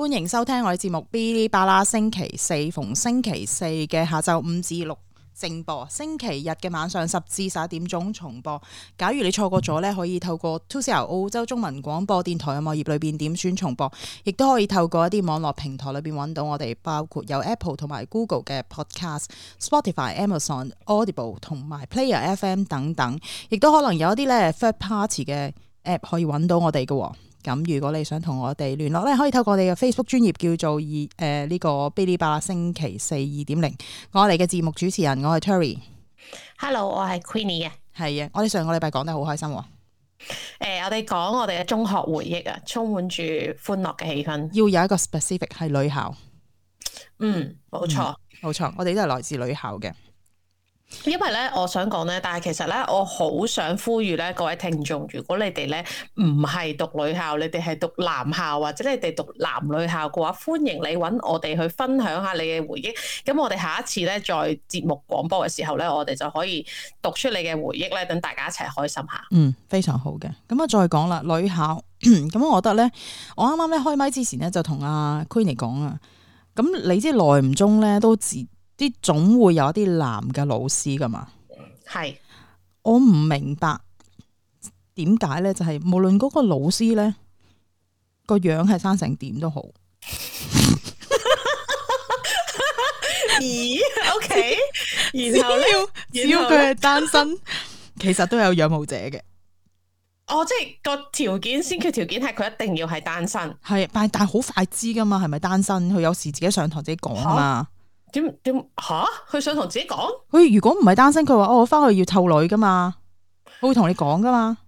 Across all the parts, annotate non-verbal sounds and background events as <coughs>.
歡迎收聽我哋節目，嗶哩吧啦，星期四，逢星期四嘅下晝五至六正播，星期日嘅晚上十至十一點鐘重播。假如你錯過咗呢，可以透過 2CR 澳洲中文廣播電台嘅網頁裏邊點選重播，亦都可以透過一啲網絡平台裏邊揾到我哋，包括有 Apple 同埋 Google 嘅 Podcast、Spotify、Amazon、Audible 同埋 Player FM 等等，亦都可能有一啲咧 Third Party 嘅 App 可以揾到我哋嘅。咁如果你想同我哋聯絡咧，可以透過我哋嘅 Facebook 專頁叫做二誒呢個嗶哩吧啦星期四二點零。0，我哋嘅節目主持人我係 Terry，Hello，我係 Queenie 啊。係啊，我哋上個禮拜講得好開心喎。誒、呃，我哋講我哋嘅中學回憶啊，充滿住歡樂嘅氣氛。要有一個 specific 係女校。嗯，冇錯，冇錯、嗯，我哋都係來自女校嘅。因為咧，我想講咧，但係其實咧，我好想呼籲咧，各位聽眾，如果你哋咧唔係讀女校，你哋係讀男校，或者你哋讀男女校嘅話，歡迎你揾我哋去分享下你嘅回憶。咁我哋下一次咧，在節目廣播嘅時候咧，我哋就可以讀出你嘅回憶咧，等大家一齊開心下。嗯，非常好嘅。咁啊，再講啦，女校。咁 <coughs> 我覺得咧，我啱啱咧開麥之前咧、啊，就同阿 Kenny 講啊，咁你即係耐唔中咧都自。啲總會有一啲男嘅老師噶嘛，係是我唔明白點解咧？就係、是、無論嗰個老師咧個樣係生成點都好，咦？O K，然後只要佢係單身， <laughs> <laughs> 其實都有仰慕者嘅。哦，即係個條件先，個條件係佢一定要係單身，係，但係但係好快知噶嘛？係咪單身？佢有時自己上堂自己講啊嘛。 <laughs> <laughs> 點點吓？佢想同自己講？佢如果唔係單身，佢話哦，我翻去要湊女噶嘛，佢會同你講噶嘛？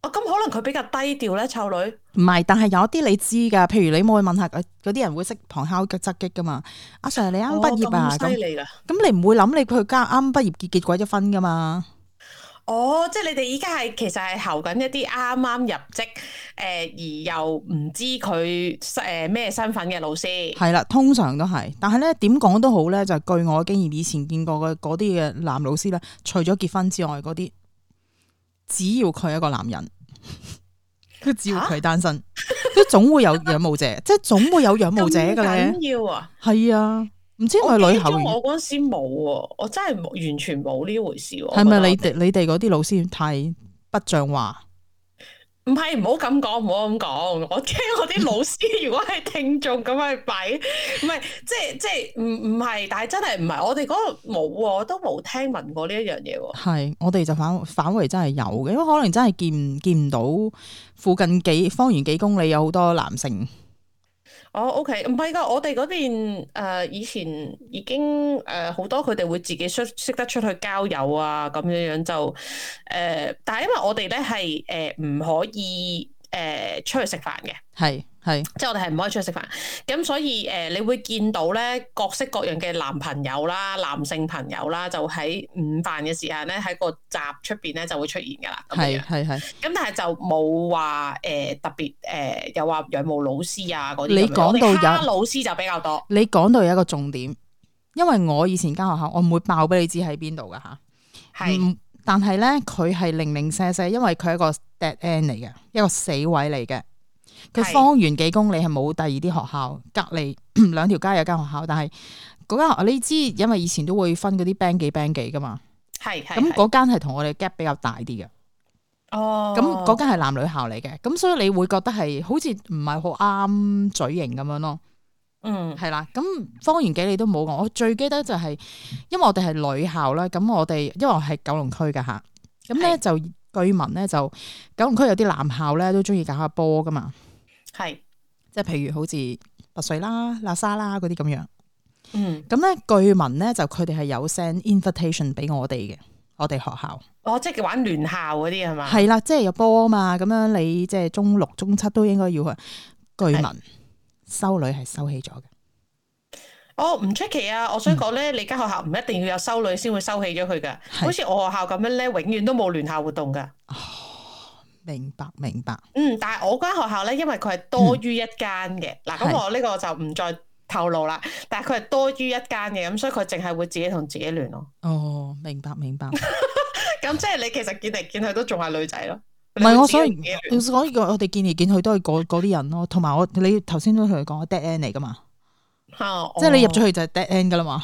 啊，咁可能佢比較低調咧，湊女唔係，但係有一啲你知噶，譬如你冇去問下佢，啲人會識旁敲側擊噶嘛？阿、啊、Sir，你啱畢業啊，咁犀利啦，咁你唔會諗你佢家啱畢業結結鬼咗婚噶嘛？哦，即係你哋依家係其實係候緊一啲啱啱入職誒、呃，而又唔知佢誒咩身份嘅老師係啦，通常都係。但係咧，點講都好咧，就係、據我經驗，以前見過嘅嗰啲嘅男老師咧，除咗結婚之外，嗰啲只要佢一個男人，佢、啊、只要佢單身，都、啊、總會有仰慕者， <laughs> 即係總會有仰慕者嘅咧，要啊，係啊。唔知我睇咗我嗰陣時冇，我真係完全冇呢回事。係咪你哋你哋嗰啲老師太不像話？唔係，唔好咁講，唔好咁講。我驚我啲老師如果係聽眾咁去擺，唔係 <laughs> 即係即係唔唔係。但係真係唔係，我哋嗰度冇，我都冇聽聞過呢一樣嘢。係我哋就反反而真係有嘅，因為可能真係見見唔到附近幾方圓幾公里有好多男性。哦、oh，OK，唔係㗎，我哋嗰邊以前已經誒好、呃、多佢哋會自己出識得出去交友啊，咁樣樣就誒、呃，但係因為我哋咧係誒唔可以誒、呃、出去食飯嘅，係。係，是即係我哋係唔可以出去食飯，咁所以誒、呃，你會見到咧，各式各樣嘅男朋友啦、男性朋友啦，就喺午飯嘅時候咧，喺個閘出邊咧就會出現噶啦。係係係，咁但係就冇話誒特別誒、呃，又話仰慕老師啊嗰啲。你講到有老師就比較多。你講到有一個重點，因為我以前間學校，我唔會爆俾你知喺邊度噶吓。係是、嗯，但係咧，佢係零零舍舍，因為佢係一個 dead end 嚟嘅，一個死位嚟嘅。佢方圓幾公里係冇第二啲學校，是隔籬兩條街有間學校，但係嗰間學校，你知，因為以前都會分嗰啲 band 幾 band 幾噶嘛，係，咁嗰間係同我哋 gap 比較大啲嘅，哦，咁嗰間係男女校嚟嘅。咁所以你會覺得係好似唔係好啱嘴型咁樣咯，嗯，係啦，咁方圓幾里都冇，我最記得就係、是，因為我哋係女校啦，咁我哋因為我係九龍區噶吓，咁咧就是據聞咧就九龍區有啲男校咧都中意搞下波噶嘛。係，即係是譬如好似拔水啦、喇沙啦嗰啲咁樣，嗯，咁咧據聞咧就佢哋係有 send invitation 俾、嗯、我哋嘅，我哋學校哦，即係玩聯校嗰啲係嘛？係啦，即係有波啊嘛，咁樣你即係中六、中七都應該要去。據聞，是修女係收起咗嘅。哦，唔出奇啊！我想講咧，你間學校唔一定要有修女先會收起咗佢噶，好似是我學校咁樣咧，永遠都冇聯校活動噶。嗯明白明白，明白嗯，但係我間學校咧，因為佢係多於一間嘅，嗱、嗯，咁我呢個就唔再透露啦。是但係佢係多於一間嘅，咁所以佢淨係會自己同自己聯絡。哦，明白明白。咁 <laughs> 即係你其實見嚟見去都仲係女仔咯，唔係我個所以，我所以我見見我哋見嚟見去都係嗰啲人咯，同埋我你頭先都同佢講 dead end 嚟噶嘛，哦、即係你入咗去就係 dead end 噶啦嘛，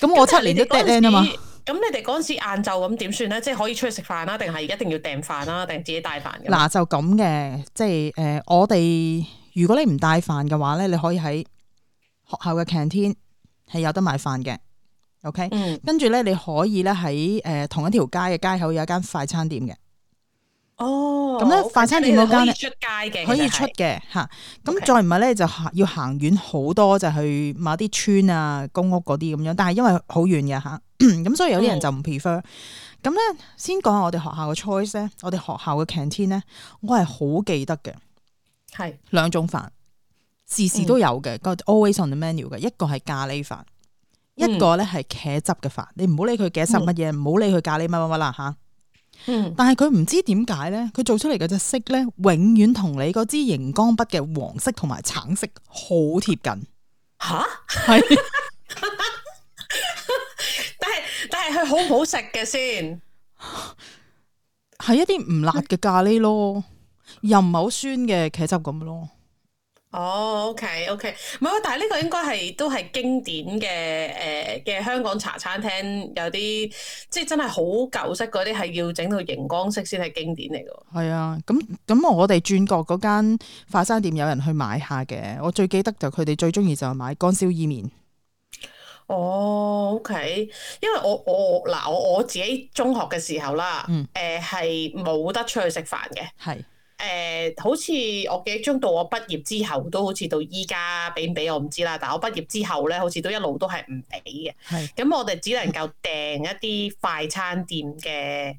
咁我七年都 dead end 啊嘛。咁你哋嗰陣時晏晝咁點算咧？即係可以出去食飯啦，定係一定要訂飯啦，定自己帶飯咁？嗱，就咁嘅，即係誒、呃，我哋如果你唔帶飯嘅話咧，你可以喺學校嘅 canteen 係有得買飯嘅，OK，跟住咧你可以咧喺誒同一條街嘅街口有一間快餐店嘅。哦，咁咧快餐店嗰間出街嘅，可以出嘅吓，咁再唔係咧就要行遠好多，就去某啲村啊、公屋嗰啲咁樣。但係因為好遠嘅吓，咁所以有啲人就唔 prefer。咁咧、哦、先講下我哋學校嘅 choice 咧，我哋學校嘅 canteen 咧，我係好記得嘅，係是兩種飯，時時都有嘅，個、嗯、always on the menu 嘅，一個係咖喱飯，一個咧係茄汁嘅飯。嗯、你唔好理佢茄汁乜嘢，唔好理佢咖喱乜乜乜啦嚇。麼嗯，但係佢唔知點解咧，佢做出嚟嗰隻色咧，永遠同你嗰支熒光筆嘅黃色同埋橙色好貼近吓。係，但係但係佢好唔好食嘅先？係一啲唔辣嘅咖喱咯，嗯、又唔係好酸嘅茄汁咁咯。哦，OK，OK，唔係，但係呢個應該係都係經典嘅誒、呃、嘅香港茶餐廳有啲，即係真係好舊式嗰啲，係要整到熒光色先係經典嚟嘅。係啊，咁咁我哋轉角嗰間快餐店有人去買下嘅，我最記得就佢哋最中意就係買乾燒意麵。哦、oh，OK，因為我我嗱我我自己中學嘅時候啦，誒係冇得出去食飯嘅，係。誒、呃，好似我記憶中，到我畢業之後都好似到依家俾唔俾我唔知啦。但係我畢業之後咧，好似都一路都係唔俾嘅。係是。咁我哋只能夠訂一啲快餐店嘅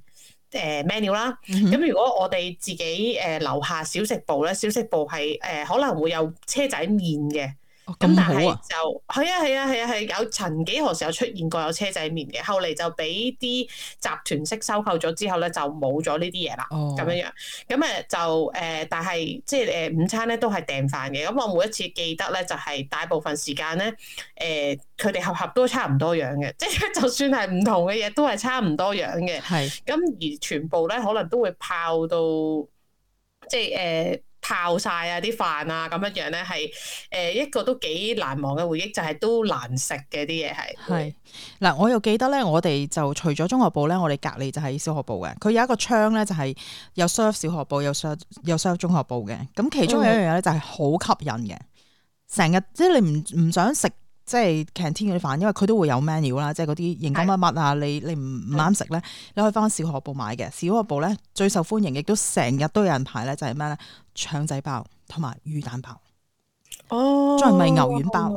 誒、呃、menu 啦。咁、嗯、哼如果我哋自己誒、呃、樓下小食部咧，小食部係誒、呃、可能會有車仔麵嘅。咁但係就，係啊係啊係啊係，有曾幾何時有出現過有車仔麵嘅，後嚟就俾啲集團式收購咗之後咧，就冇咗呢啲嘢啦。哦，咁樣樣，咁誒就誒，但係即係誒午餐咧都係訂飯嘅，咁我每一次記得咧就係大部分時間咧，誒佢哋合合都差唔多樣嘅，即係就算係唔同嘅嘢都係差唔多樣嘅。係，咁而全部咧可能都會泡到，即係誒。泡晒啊啲飯啊咁樣樣咧，係誒一個都幾難忘嘅回憶，就係、係、都難食嘅啲嘢係。係嗱、嗯，我又記得咧，我哋就除咗中學部咧，我哋隔離就喺小學部嘅。佢有一個窗咧，就係有 serve 小學部，有 serve 有 serve 中學部嘅。咁其中有一樣嘢咧就係好吸引嘅，成日、嗯、即係你唔唔想食。即係 canteen 嗰啲飯，因為佢都會有 menu 啦，即係嗰啲營養乜乜啊，你你唔唔啱食咧，的你可以翻小學部買嘅。小學部咧，最受歡迎，亦都成日都有人排咧，就係咩咧？腸仔包同埋魚蛋包，即、哦、再唔係牛丸包，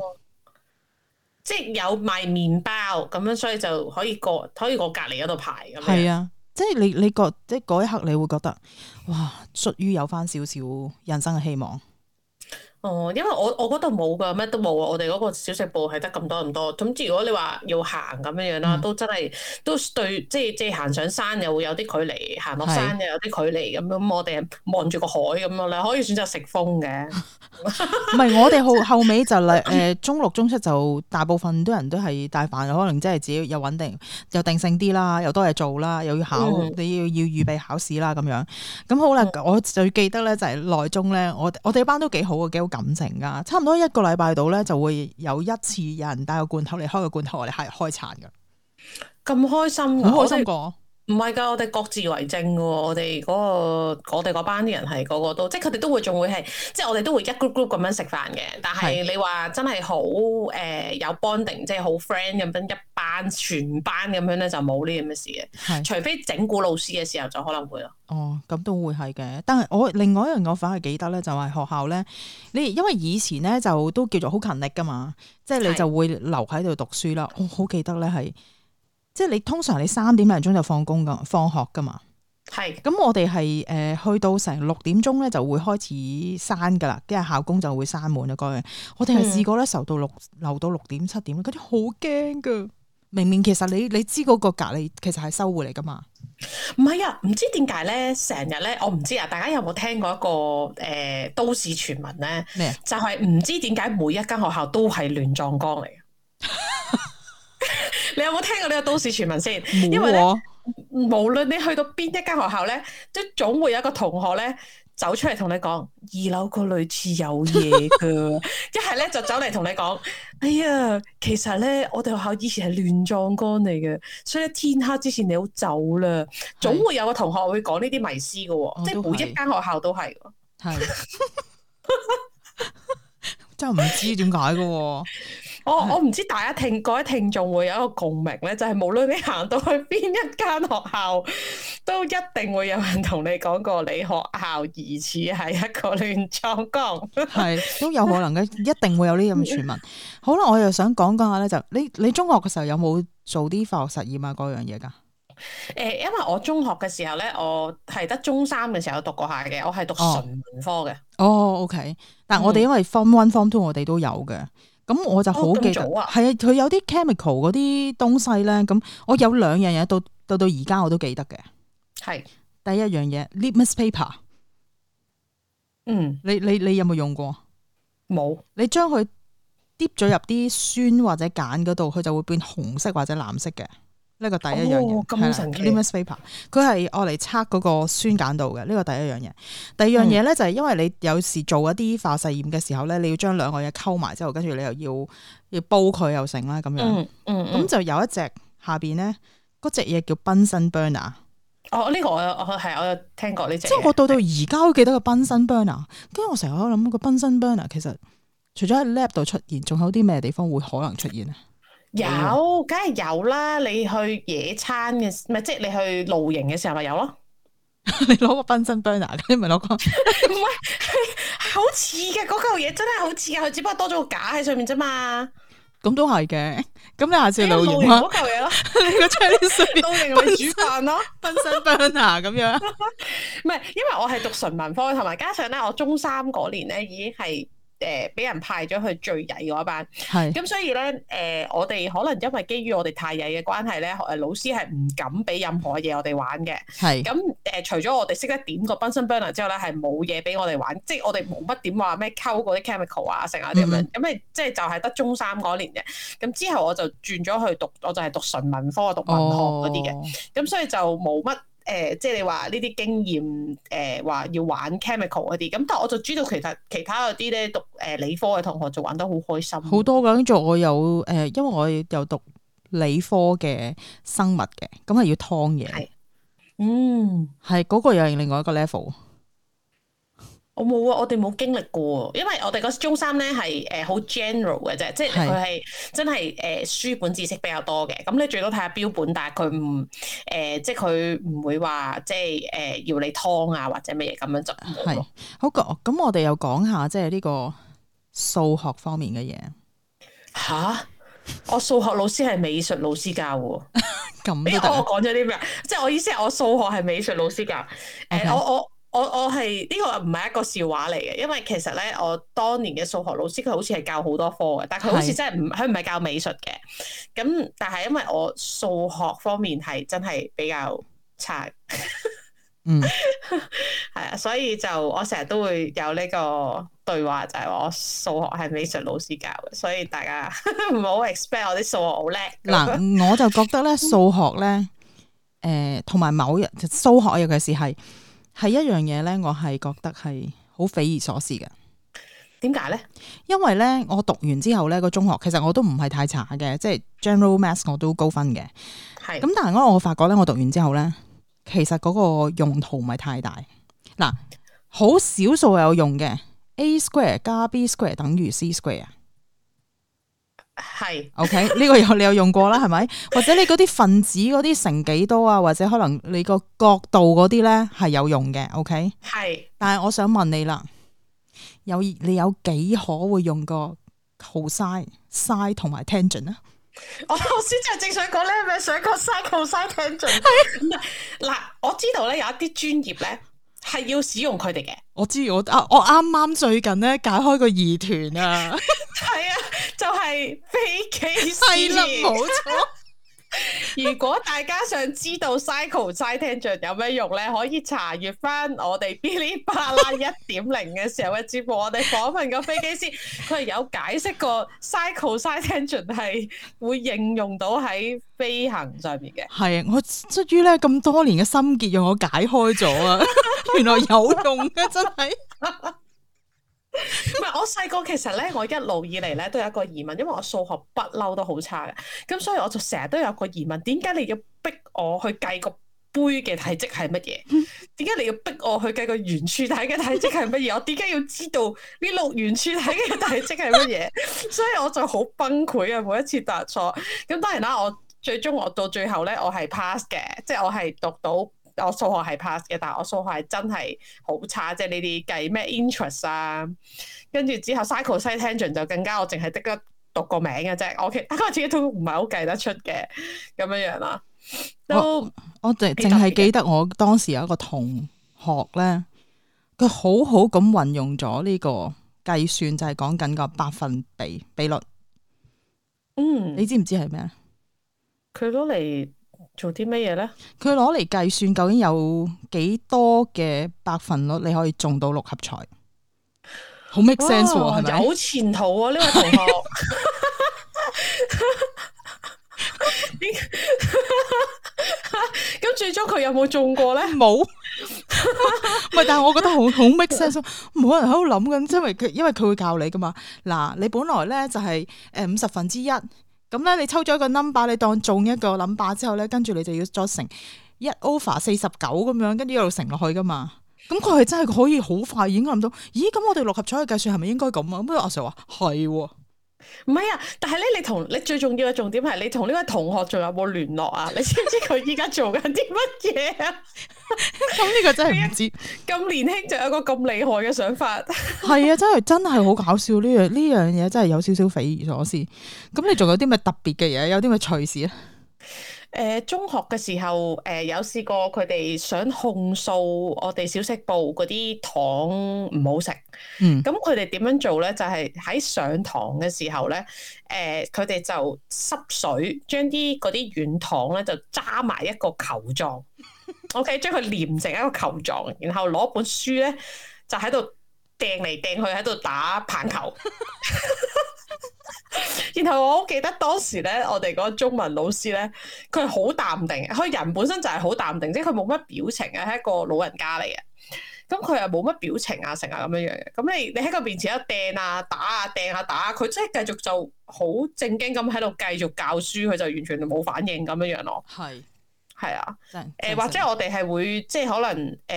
即係有賣麵包咁樣，所以就可以過可以過隔離嗰度排咁樣。係啊，即係你你覺即係嗰一刻，你會覺得哇，屬於有翻少少人生嘅希望。哦，因為我我嗰度冇噶，咩都冇啊！我哋嗰個小食部係得咁多咁多。總之如果你話要行咁樣樣啦，嗯、都真係都對，即係即係行上山又會有啲距離，行落山又有啲距離咁。咁是、嗯、我哋望住個海咁樣咧，可以選擇食風嘅。唔係、嗯，我哋後後尾就嚟誒、呃、中六中七就大部分都人都係帶飯，可能即係自己又穩定又定性啲啦，又多嘢做啦，又要考，你、嗯、要要預備考試啦咁樣。咁好啦，我最記得咧就係內中咧，我我哋班都幾好嘅。感情㗎，差唔多一個禮拜度咧，就會有一次有人帶個罐頭嚟開個罐頭，我哋係開餐噶，咁開心，好、嗯、開心過。唔係㗎，我哋各自為政嘅喎。我哋嗰、嗰個、我哋嗰班啲人係個個都，即係佢哋都會仲會係，即係我哋都會一 group group 咁樣食飯嘅。但係你話真係好誒、呃、有 bonding，即係好 friend 咁樣一班全班咁樣咧，就冇呢咁嘅事嘅。是除非整蠱老師嘅時候，就可能會咯。哦，咁都會係嘅。但係我另外一樣，我反而記得咧，就係、是、學校咧，你因為以前咧就都叫做好勤力㗎嘛，即、就、係、是、你就會留喺度讀書啦是。我好記得咧係。即係你通常你三點零鐘就放工噶，放學噶嘛，係的。咁我哋係誒去到成六點鐘咧，就會開始閂噶啦，跟住校工就會閂門啊。嗰樣，我哋係試過咧，守的到六留到六點七點，嗰啲好驚噶。明明其實你你知嗰個隔離其實係收回嚟噶嘛？唔係啊，唔知點解咧？成日咧，我唔知啊。大家有冇聽過一個誒、呃、都市傳聞咧？咩麼？就係唔知點解每一間學校都係亂葬崗嚟。 <laughs> <laughs> 你有冇聽過呢個都市傳聞先？啊、因為無論無論你去到邊一間學校咧，都總會有一個同學咧走出嚟同你講，二樓個女廁有嘢噶，一係咧就走嚟同你講，哎呀，其實咧我哋學校以前係亂葬崗嚟嘅，所以天黑之前你要走啦。總會有個同學會講呢啲迷思噶，的即係每一間學校都係，真唔知點解噶。我我唔知大家聽嗰啲聽眾會有一個共鳴咧，就係、是、無論你行到去邊一間學校，都一定會有人同你講過你學校疑似係一個亂葬崗，係 <laughs> 都有可能嘅，一定會有呢咁嘅傳聞。 <laughs> 好啦，我又想講講下咧，就你你中學嘅時候有冇做啲化學實驗啊？嗰樣嘢噶？誒，因為我中學嘅時候咧，我係得中三嘅時候讀過下嘅，我係讀純文科嘅、哦。哦，OK，但我哋因為 form one form two 我哋都有嘅。咁我就好記得，係啊，佢有啲 chemical 嗰啲東西咧。咁我有兩樣嘢到到到而家我都記得嘅。係是，第一樣嘢 litmus paper。 嗯，你你你有冇用過？冇沒。你將佢滴咗入啲酸或者鹼嗰度，佢就會變紅色或者藍色嘅。呢個第一樣嘢係啦，litmus paper，佢係我嚟測嗰個酸鹼度嘅。呢、這個第一樣嘢，第二樣嘢咧就係因為你有時做一啲化實驗嘅時候咧，你要將兩個嘢溝埋之後，跟住你又要要煲佢又成啦咁樣。嗯咁、嗯、就有一隻下邊咧，嗰隻嘢叫 Bunsen burner。哦，呢、這個我我係我有聽過呢隻。即係我到到而家都記得個 Bunsen burner，因為我成日喺度諗個 Bunsen burner 其實除咗喺 lab 度出現，仲有啲咩地方會可能出現啊？有，梗係有啦！你去野餐嘅，唔係即係你去露營嘅時候咪有咯、 <laughs> er？你攞個 Bunsen burner，你咪攞個？唔係，好似嘅嗰嚿嘢，真係好似嘅，佢只不過多咗個架喺上面啫嘛。咁都係嘅。咁你下次露營攞嚿嘢咯，你個車啲上面。露營咪煮飯咯，Bunsen burner 咁樣。唔係，因為我係讀純文科，同埋加上咧，我中三嗰年咧已經係。誒俾、呃、人派咗去最曳嗰班，係咁是所以咧誒、呃，我哋可能因為基於我哋太曳嘅關係咧，誒老師係唔敢俾任何嘢是、呃、我哋玩嘅，係咁誒除咗我哋識得點個 bunsen burner 之後咧，係冇嘢俾我哋玩，即係我哋冇乜點話咩溝嗰啲 chemical 啊，成啊啲咁樣，咁咪即係就係得中三嗰年嘅，咁之後我就轉咗去讀，我就係讀純文科、讀文學嗰啲嘅，咁、哦、所以就冇乜。誒、呃，即係你話呢啲經驗，誒、呃、話要玩 chemical 嗰啲，咁但係我就知道其實其他有啲咧讀誒理科嘅同學就玩得好開心，好多噶。跟住我有誒、呃，因為我有讀理科嘅生物嘅，咁係要劏嘢，是嗯，係嗰個又係另外一個 level。我冇、哦、啊，我哋冇經歷過，因為我哋個中三咧係誒、呃、好 general 嘅啫，即係佢係真係誒、呃、書本知識比較多嘅，咁、嗯、你最多睇下標本，但係佢唔誒，即係佢唔會話即係誒、呃、要你劏啊或者乜嘢咁樣就係好講。咁我哋又講下即係呢個數學方面嘅嘢。吓？我數學老師係美術老師教喎。咁都、 <laughs> 欸？我講咗啲咩？即係我意思係我數學係美術老師教。誒 Okay.，我我。我我係呢、這個唔係一個笑話嚟嘅，因為其實咧，我當年嘅數學老師佢好似係教好多科嘅，但係佢好似真係唔佢唔係教美術嘅。咁但係因為我數學方面係真係比較差， <laughs> 嗯係啊， <laughs> <laughs> 所以就我成日都會有呢個對話就係、是、我數學係美術老師教，嘅。所以大家唔好 expect 我啲數學好叻。嗱，我就覺得咧數 <laughs> 學咧誒，同、呃、埋某日數學有件事係。係一樣嘢咧，我係覺得係好匪夷所思嘅。點解咧？因為咧，我讀完之後咧，個中學其實我都唔係太差嘅，即係 general math 我都高分嘅。係咁是，但係我我發覺咧，我讀完之後咧，其實嗰個用途唔係太大。嗱，好少數有用嘅 a square 加 b square 等於 c square。係是 <laughs> ，OK，呢個有你有用過啦，係咪？ <laughs> 或者你嗰啲分子嗰啲成幾多，多啊？或者可能你個角度嗰啲咧係有用嘅，OK 是。係，但係我想問你啦，有你有幾可會用個 cos、sin 同埋 tangent 啊？ <laughs> 我先至就正想講咧，係咪想講 sin、cos、tangent？嗱，我知道咧有一啲專業咧。係要使用佢哋嘅，我知我啊，我啱啱最近咧解開個疑團啊，係 <laughs> <laughs> 啊，就係、是、飛機司令，冇錯。 <laughs> 如果大家想知道 Cycle Citation 有咩用咧，可以查閱翻我哋嗶哩吧啦一點零嘅時候嘅節目，我哋訪問個飛機師，佢係有解釋過 Cycle Citation 係會應用到喺飛行上面嘅。係我出於咧咁多年嘅心結，用我解開咗啊， <laughs> <laughs> 原來有用嘅，真係。 <laughs> 唔係，我細個其實咧，我一路以嚟咧都有一個疑問，因為我數學不嬲都好差嘅，咁所以我就成日都有個疑問，點解你要逼我去計個杯嘅體積係乜嘢？點解你要逼我去計個圓柱體嘅體積係乜嘢？ <laughs> 我點解要知道呢六圓柱體嘅體積係乜嘢？ <laughs> 所以我就好崩潰啊！每一次答錯，咁當然啦，我最終我到最後咧，我係 pass 嘅，即係我係讀到。我數學係 pass 嘅，但係我數學係真係好差，即係你哋計咩 interest 啊，跟住之後 cycle，sitention 就更加我淨係得得讀個名嘅啫。我其實我自己都唔係好計得出嘅咁樣樣咯。我非常 我淨淨係記得我當時有一個同學咧，佢好好咁運用咗呢個計算，就係講緊個百分比比率。嗯，你知唔知係咩？佢攞嚟。做啲乜嘢咧？佢攞嚟計算究竟有幾多嘅百分率，你可以中到六合彩？好 make sense 喎，哦，吧有前途啊！呢、這、位、個、同學，咁 <laughs> <laughs> <laughs> 最終佢有冇中過咧？冇沒。唔 <laughs> 係，但係我覺得好好 make sense，冇人喺度諗緊，因為佢因為佢會教你噶嘛。嗱，你本來咧就係誒五十分之一。咁咧，你抽咗一個 number，你當中一個 number 之後咧，跟住你就要再乘一 over 四十九咁樣，跟住一路乘落去噶嘛。咁佢係真係可以好快已經諗到。咦，咁我哋六合彩嘅計算係咪應該咁啊？不如阿 Sir 話係，唔係、哦、啊。但係咧，你同你最重要嘅重點係，你同呢位同學仲有冇聯絡啊？你知唔知佢依家做緊啲乜嘢啊？ <laughs> <laughs> 咁呢 <laughs> 個真係唔知咁對年輕 <laughs> 就有個咁厲害嘅想法，係 <laughs> 啊，真係真係好搞笑呢樣呢樣嘢，真係有少少匪夷所思。咁你仲有啲咩特別嘅嘢，有啲咩趣事啊？誒、呃，中學嘅時候，誒、呃、有試過佢哋想控訴我哋小食部嗰啲糖唔好食。嗯，咁佢哋點樣做咧？就係、是、喺上堂嘅時候咧，誒、呃，佢哋就濕水，將啲嗰啲軟糖咧就揸埋一個球狀。 <laughs> O K，將佢黏成一個球狀，然後攞本書咧，就喺度掟嚟掟去，喺度打棒球。 <laughs> 然後我好記得當時咧，我哋嗰個中文老師咧，佢係好淡定，佢人本身就係好淡定，即係佢冇乜表情啊，係一個老人家嚟嘅。咁佢又冇乜表情啊，成日咁樣樣嘅。咁你你喺佢面前一掟啊打啊掟啊打啊，佢即係繼續就好正經咁喺度繼續教書，佢就完全冇反應咁樣樣咯。係。係啊，誒、呃，是或者我哋係會即係可能誒誒、呃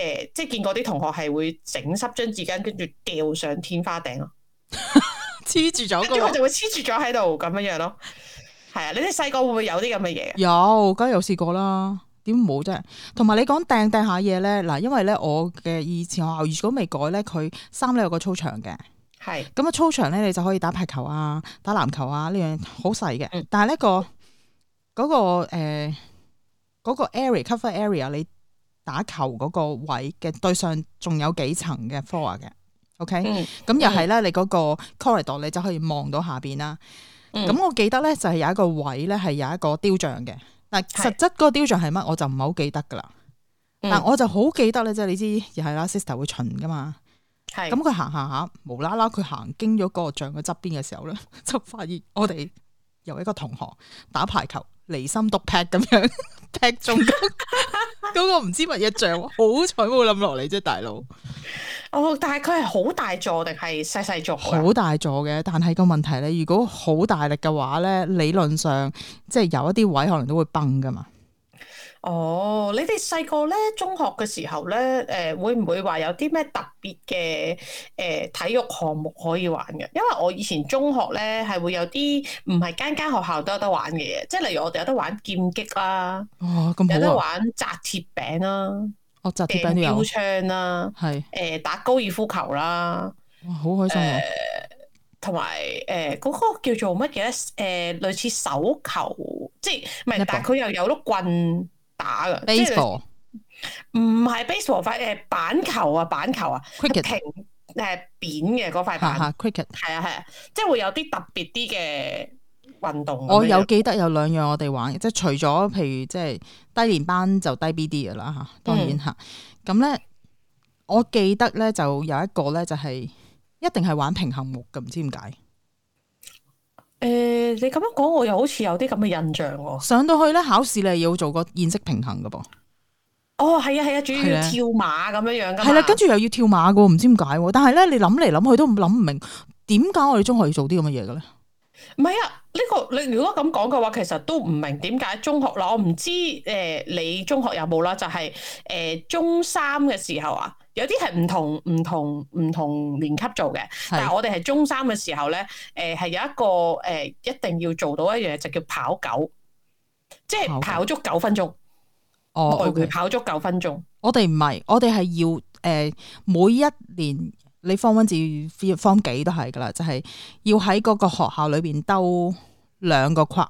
呃，即係見過啲同學係會整濕張紙巾，跟住吊上天花頂咯，黐 <laughs> 住咗，跟就會黐住咗喺度咁樣樣咯。係啊，你哋細個會唔會有啲咁嘅嘢？有，梗係有試過啦。點冇啫？同埋你講掟掟下嘢咧，嗱，因為咧我嘅以前學校如果未改咧，佢三樓有個操場嘅，係咁個操場咧，你就可以打排球啊，打籃球啊，呢樣好細嘅，但係呢、這個。嗰個誒嗰個 area cover area，你打球嗰個位嘅對上仲有幾層嘅 floor 嘅，OK，咁又係啦，你嗰個 corridor 你就可以望到下邊啦。咁、嗯、我記得咧就係有一個位咧係有一個雕像嘅，但係實質個雕像係乜我就唔係好記得噶啦。但我就好記得咧，即係你知，又係啦，sister 會巡噶嘛，係咁佢行行下，無啦啦佢行經咗個像嘅側邊嘅時候咧，就發現我哋有一個同學打排球。離心讀劈咁樣劈中嗰個唔 <laughs> <laughs> 知乜嘢像，好彩冇冧落嚟啫，大佬。哦，但係佢係好大座定係細細座？好大座嘅，但係個問題咧，如果好大力嘅話咧，理論上即係有一啲位可能都會崩噶嘛。哦，oh，你哋細個咧，中學嘅時候咧，誒，會唔會話有啲咩特別嘅誒體育項目可以玩嘅？因為我以前中學咧係會有啲唔係間間學校都有得玩嘅嘢，即係例如我哋有得玩劍擊啦，咁、哦啊、有得玩雜鐵餅啦，哦，雜鐵餅都有，標槍啦，係是，誒、呃，打高爾夫球啦、啊哦，好開心啊！同埋誒，嗰、呃那個叫做乜嘢咧？誒、呃，類似手球，即係唔 ipp 但係佢又有碌棍打嘅 baseball 唔係 baseball 誒，板球啊，板球啊 cricket 誒，扁嘅嗰塊板 cricket 係啊，係啊，即係會有啲特別啲嘅運動。我有記得有兩樣我哋玩，即係除咗譬如即係低年班就低 b 啲嘅啦吓，當然吓咁咧。我記得咧就有一個咧就係、是、一定係玩平衡木嘅，唔知點解。誒、呃，你咁樣講，我又好似有啲咁嘅印象喎。上到去咧，考試你係要做個燕式平衡噶噃。哦，係啊，係啊，主要跳馬咁樣樣。係啦，跟住又要跳馬噶，唔知點解。但係咧，你諗嚟諗去都唔諗唔明，點解我哋中學要做啲咁嘅嘢嘅咧？唔係啊，呢、這個你如果咁講嘅話，其實都唔明點解中學。嗱，我唔知誒，你中學有冇啦？就係、是、誒、呃，中三嘅時候啊。有啲係唔同唔同唔同年級做嘅。是但係我哋係中三嘅時候咧，誒、呃、係有一個誒、呃、一定要做到一樣嘢，就叫跑九，跑九即係跑足九分鐘。哦，佢、okay、跑足九分鐘。我哋唔係，我哋係要誒每一年，你方文字方方幾都係噶啦，就係、是、要喺嗰個學校裏邊兜兩個圈，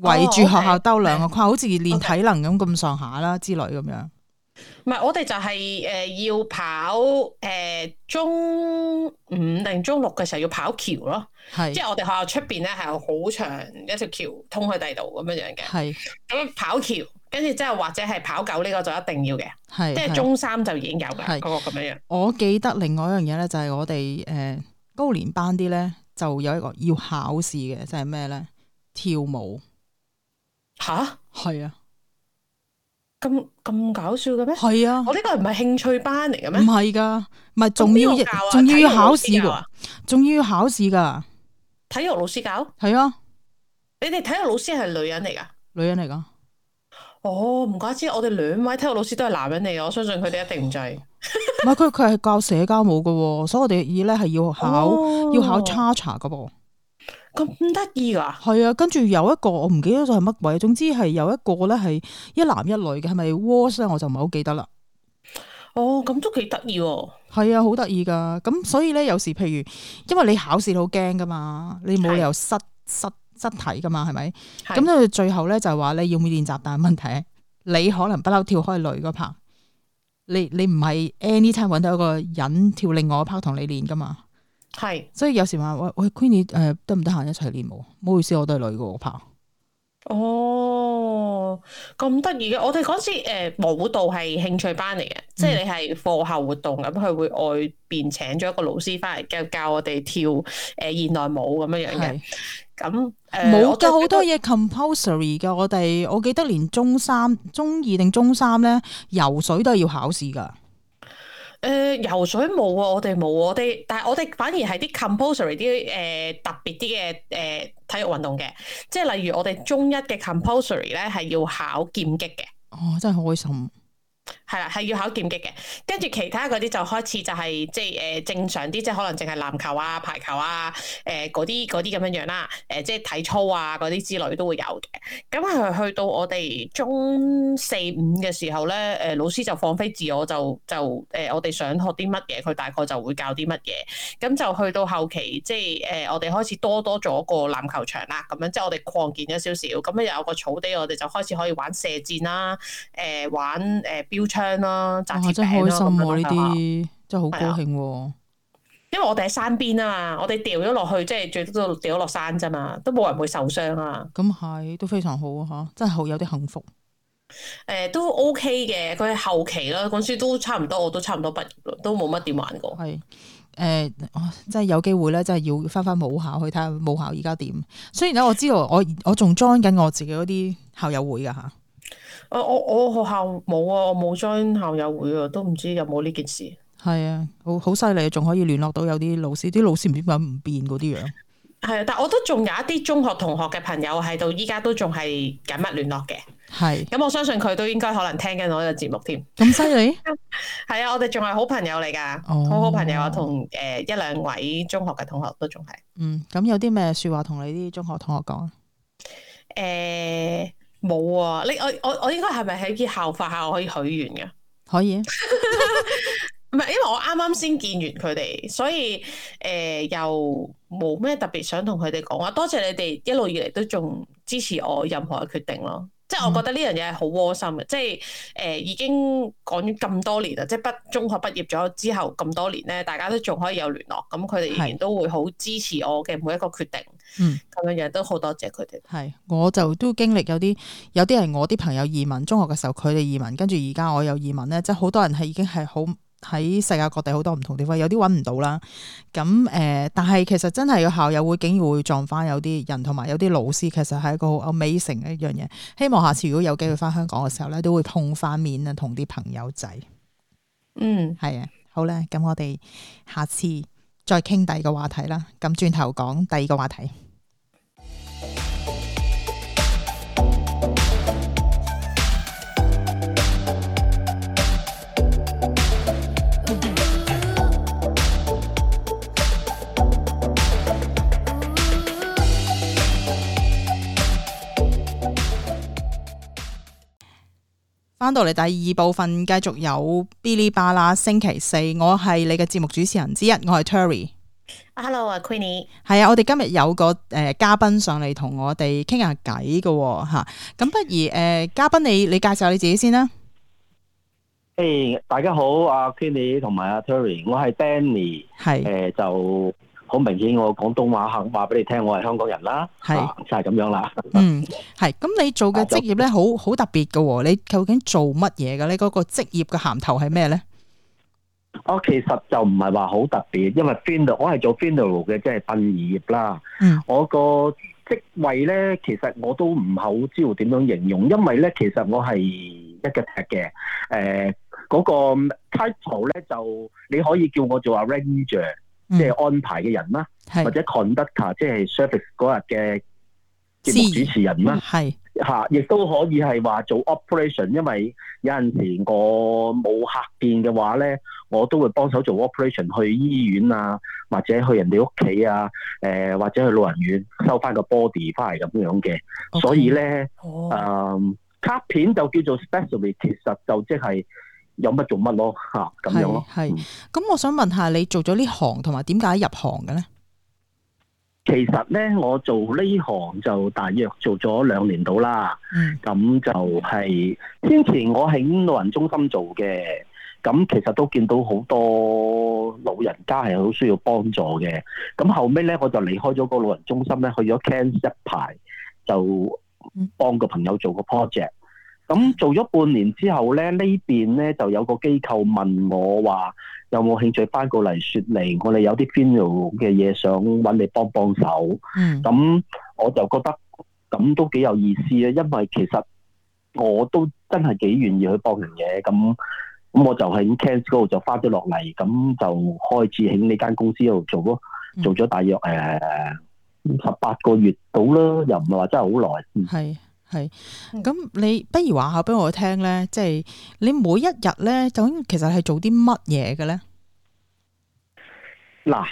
圍住、哦 okay，學校兜兩個圈，okay，好似練體能咁咁上下啦，之類咁樣。唔係，我哋就係、是、誒、呃、要跑誒、呃、中五定中六嘅時候要跑橋咯，係是即係我哋學校出邊咧係有好長一條橋通去第二度咁樣樣嘅，係咁是跑橋，跟住之後或者係跑狗呢個就一定要嘅，係是即係中三就已經有嘅。係嗰是個咁樣樣。我記得另外一樣嘢咧就係我哋誒、呃、高年班啲咧就有一個要考試嘅，即係咩咧，跳舞吓係啊。咁咁搞笑嘅咩？係啊，我呢個唔係興趣班嚟嘅咩？唔係噶，咪仲要仲、啊、要考試噶，仲要考試噶，體育老師搞？係啊，你哋體育老師係、啊、女人嚟噶？女人嚟噶？哦，唔怪之，我哋兩位體育老師都係男人嚟，我相信佢哋一定唔制。唔係佢佢係教社交舞噶，所以我哋以咧係要考、哦、要考叉叉噶噃。咁得意噶？係啊，跟住有一個我唔記得咗係乜位，總之係有一個咧係一男一女嘅，係咪？What？我就唔係好記得啦。哦，咁都幾得意喎。係啊，好得意噶。咁所以咧，有時譬如因為你考試好驚噶嘛，你冇理由失是失失,失體噶嘛，係咪？咁咧是，最後咧就話、是、你要唔要練習，但係問題你可能你你不嬲跳開女個 part 你你唔係 anytime 搵到一個人跳另外 part 同你練噶嘛。係，是所以有時話喂喂，Queenie 誒、呃、得唔得閒一齊練舞？唔好意思，我都係女嘅、哦，我怕。哦、呃，咁得意嘅，我哋嗰時誒舞蹈係興趣班嚟嘅，嗯、即係你係課後活動，咁佢會外邊請咗一個老師翻嚟教教我哋跳誒、呃、現代舞咁樣是樣嘅。咁誒冇噶，好的多嘢 compulsory 噶，我哋我記得連中三、中二定中三咧游水都係要考試噶。誒、呃、游水冇啊，我哋冇、啊、我哋，但係我哋反而係啲 compulsory 啲誒、呃、特別啲嘅誒體育運動嘅，即係例如我哋中一嘅 compulsory 咧係要考劍擊嘅。哦，真係好開心！係啦，係要考劍擊嘅，跟住其他嗰啲就開始就係即係誒正常啲，即係可能淨係籃球啊、排球啊、誒嗰啲嗰啲咁樣樣啦，誒、呃、即係體操啊嗰啲之類都會有嘅。咁係去到我哋中四五嘅時候咧，誒、呃、老師就放飛自我就就誒、呃、我哋想學啲乜嘢，佢大概就會教啲乜嘢。咁就去到後期即係誒、呃、我哋開始多多咗個籃球場啦，咁樣即係我哋擴建咗少少，咁咧有個草地我哋就開始可以玩射箭啦，誒、呃、玩誒、呃標槍啦，掟鐵餅咯咁，真係開心咁，呢啲真係好高興，啊，啊、因為我哋喺山邊啊嘛，我哋掉咗落去，即係最多都掉咗落山啫嘛，都冇人會受傷啊！咁係都非常好啊，吓真係好有啲幸福。誒、呃，都 OK 嘅，佢係後期咯，咁所以都差唔多，我都差唔多畢業咯，都冇乜點玩過。係誒、呃，真係有機會咧，真係要翻翻母校去睇下母校而家點。雖然咧，我知道 <laughs> 我我仲 join 緊我自己嗰啲校友會噶吓。我我學校冇啊，我冇 join 校友會啊，都唔知有冇呢件事。係啊，好好犀利，仲可以聯絡到有啲老師，啲老師唔知點解唔變嗰啲樣？係啊，但係我都仲有一啲中學同學嘅朋友喺度，依家都仲係緊密聯絡嘅。係是，咁我相信佢都應該可能聽緊我呢個節目添。咁犀利？係 <laughs> 啊，我哋仲係好朋友嚟噶，好、哦、好朋友啊，同誒、呃、一兩位中學嘅同學都仲係。嗯，咁有啲咩說話同你啲中學同學講？誒、呃。冇啊！你我我我應該係咪喺啲校法下可以許願㗎？可以，啊 <laughs> ，唔係因為我啱啱先見完佢哋，所以誒、呃、又冇咩特別想同佢哋講啊。多謝你哋一路以嚟都仲支持我任何嘅決定咯。即係我覺得呢樣嘢係好窩心嘅，即係誒、呃、已經講咗咁多年啦，即係畢中學畢業咗之後咁多年咧，大家都仲可以有聯絡，咁佢哋依然都會好支持我嘅每一個決定，咁是樣樣都好多謝佢哋。係，我就都經歷有啲有啲係我啲朋友移民，中學嘅時候佢哋移民，跟住而家我有移民咧，即係好多人係已經係好。喺世界各地好多唔同地方，有啲揾唔到啦。咁誒、呃，但係其實真係有校友會，竟然會撞翻有啲人同埋有啲老師，其實係一個好 Amazing 一樣嘢。希望下次如果有機會翻香港嘅時候咧，都會碰翻面啊，同啲朋友仔。嗯，係啊，好咧。咁我哋下次再傾第二個話題啦。咁轉頭講第二個話題。翻到嚟第二部分，繼續有 Bilibala 星期四，我係你嘅節目主持人之一，我係 Terry。Hello 啊，Queenie，係啊，我哋今日有個誒嘉賓上嚟同我哋傾下偈㗎吓，咁不如誒、呃、嘉賓你你介紹下你自己先啦。誒，hey, 大家好，阿、啊、Queenie 同埋阿、啊、Terry，我係 Danny，係誒就。好明顯，我廣東話肯話俾你聽，我係香港人啦，就係咁樣啦。嗯，係咁，你做嘅職業咧，好好特別嘅。你究竟做乜嘢嘅咧？嗰個職業嘅銜頭係咩咧？我其實就唔係話好特別，因為 funeral，我係做 funeral 嘅，即係殯儀業啦。嗯，我個職位咧，其實我都唔係好知道點樣形容，因為咧，其實我係一個踢嘅，誒，嗰個 title 咧，就你可以叫我做阿 Ranger。即係安排嘅人嗎？嗯、或者 conductor 是即係 service 嗰日嘅節目主持人啦，係嚇，亦都可以係話做 operation，因為有陣時我冇客人嘅話咧，我都會幫手做 operation 去醫院啊，或者去人哋屋企啊，誒、呃、或者去老人院收翻個 body 翻嚟咁樣嘅，okay, 所以咧，嗯、哦，um, 卡片就叫做 specialist 其實就即係。有乜做乜咯，吓咁樣咯。係，咁我想問下你做咗呢行同埋點解入行嘅咧？其實咧，我做呢行就大約做咗兩年到啦。嗯，咁就係先前我喺老人中心做嘅，咁其實都見到好多老人家係好需要幫助嘅。咁後尾咧，我就離開咗個老人中心咧，去咗 Canes 一排就幫個朋友做個 project。咁做咗半年之後咧，邊呢邊咧就有個機構問我話，有冇興趣翻過嚟雪梨？我哋有啲 funeral 嘅嘢想揾你幫幫手。嗯的，咁我就覺得咁都幾有意思啊，因為其實我都真係幾願意去幫人嘢。咁咁我就喺 Cairns 嗰度就翻咗落嚟，咁就開始喺呢間公司度做咯，做咗大約誒十八個月到啦，又唔係話真係好耐。係。係，咁你不如話下俾我聽咧，即係你每一日咧，究竟其實係做啲乜嘢嘅咧？嗱，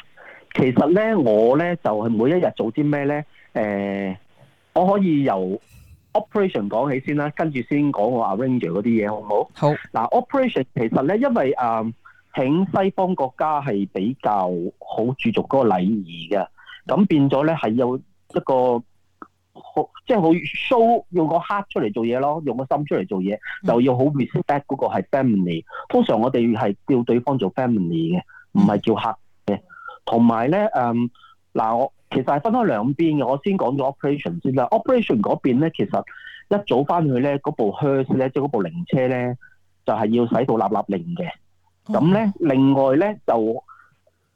其實咧，我咧就係每一日做啲咩咧？誒，我可以由 operation 講起先啦，跟住先講我 arrange 嗰啲嘢，好唔好？好。嗱，operation 其實咧，因為誒喺西方國家係比較好注重嗰個禮儀嘅，咁變咗咧係有一個。好即係好 show，用個 heart 出嚟做嘢咯，用個心出嚟做嘢就要好 respect 嗰個係 family。通常我哋係叫對方做 family 嘅，唔係叫客嘅。同埋咧，誒、嗯，嗱，我其實係分開兩邊嘅。我先講咗 operation 先啦。operation 嗰邊咧，其實一早翻去咧，嗰部 hearse 咧，即係嗰部靈車咧，就係、是、要使到立立令嘅。咁咧，另外咧就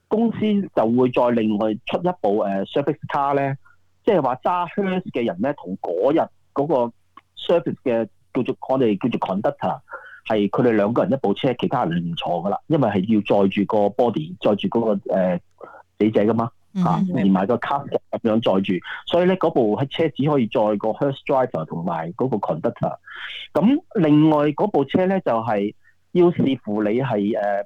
公司就會再另外出一部誒 service car 咧。即係話揸 hearse 嘅人咧，同嗰日嗰個 service 嘅叫做我哋叫做 conductor 係，佢哋兩個人一部車，其他人唔坐噶啦，因為係要載住個 body，載住嗰個誒死者噶嘛，吓連埋個 car 咁樣載住，所以咧嗰部車只可以載個 hearse driver 同埋嗰個 conductor。咁另外嗰部車咧就係、是、要視乎你係誒、啊、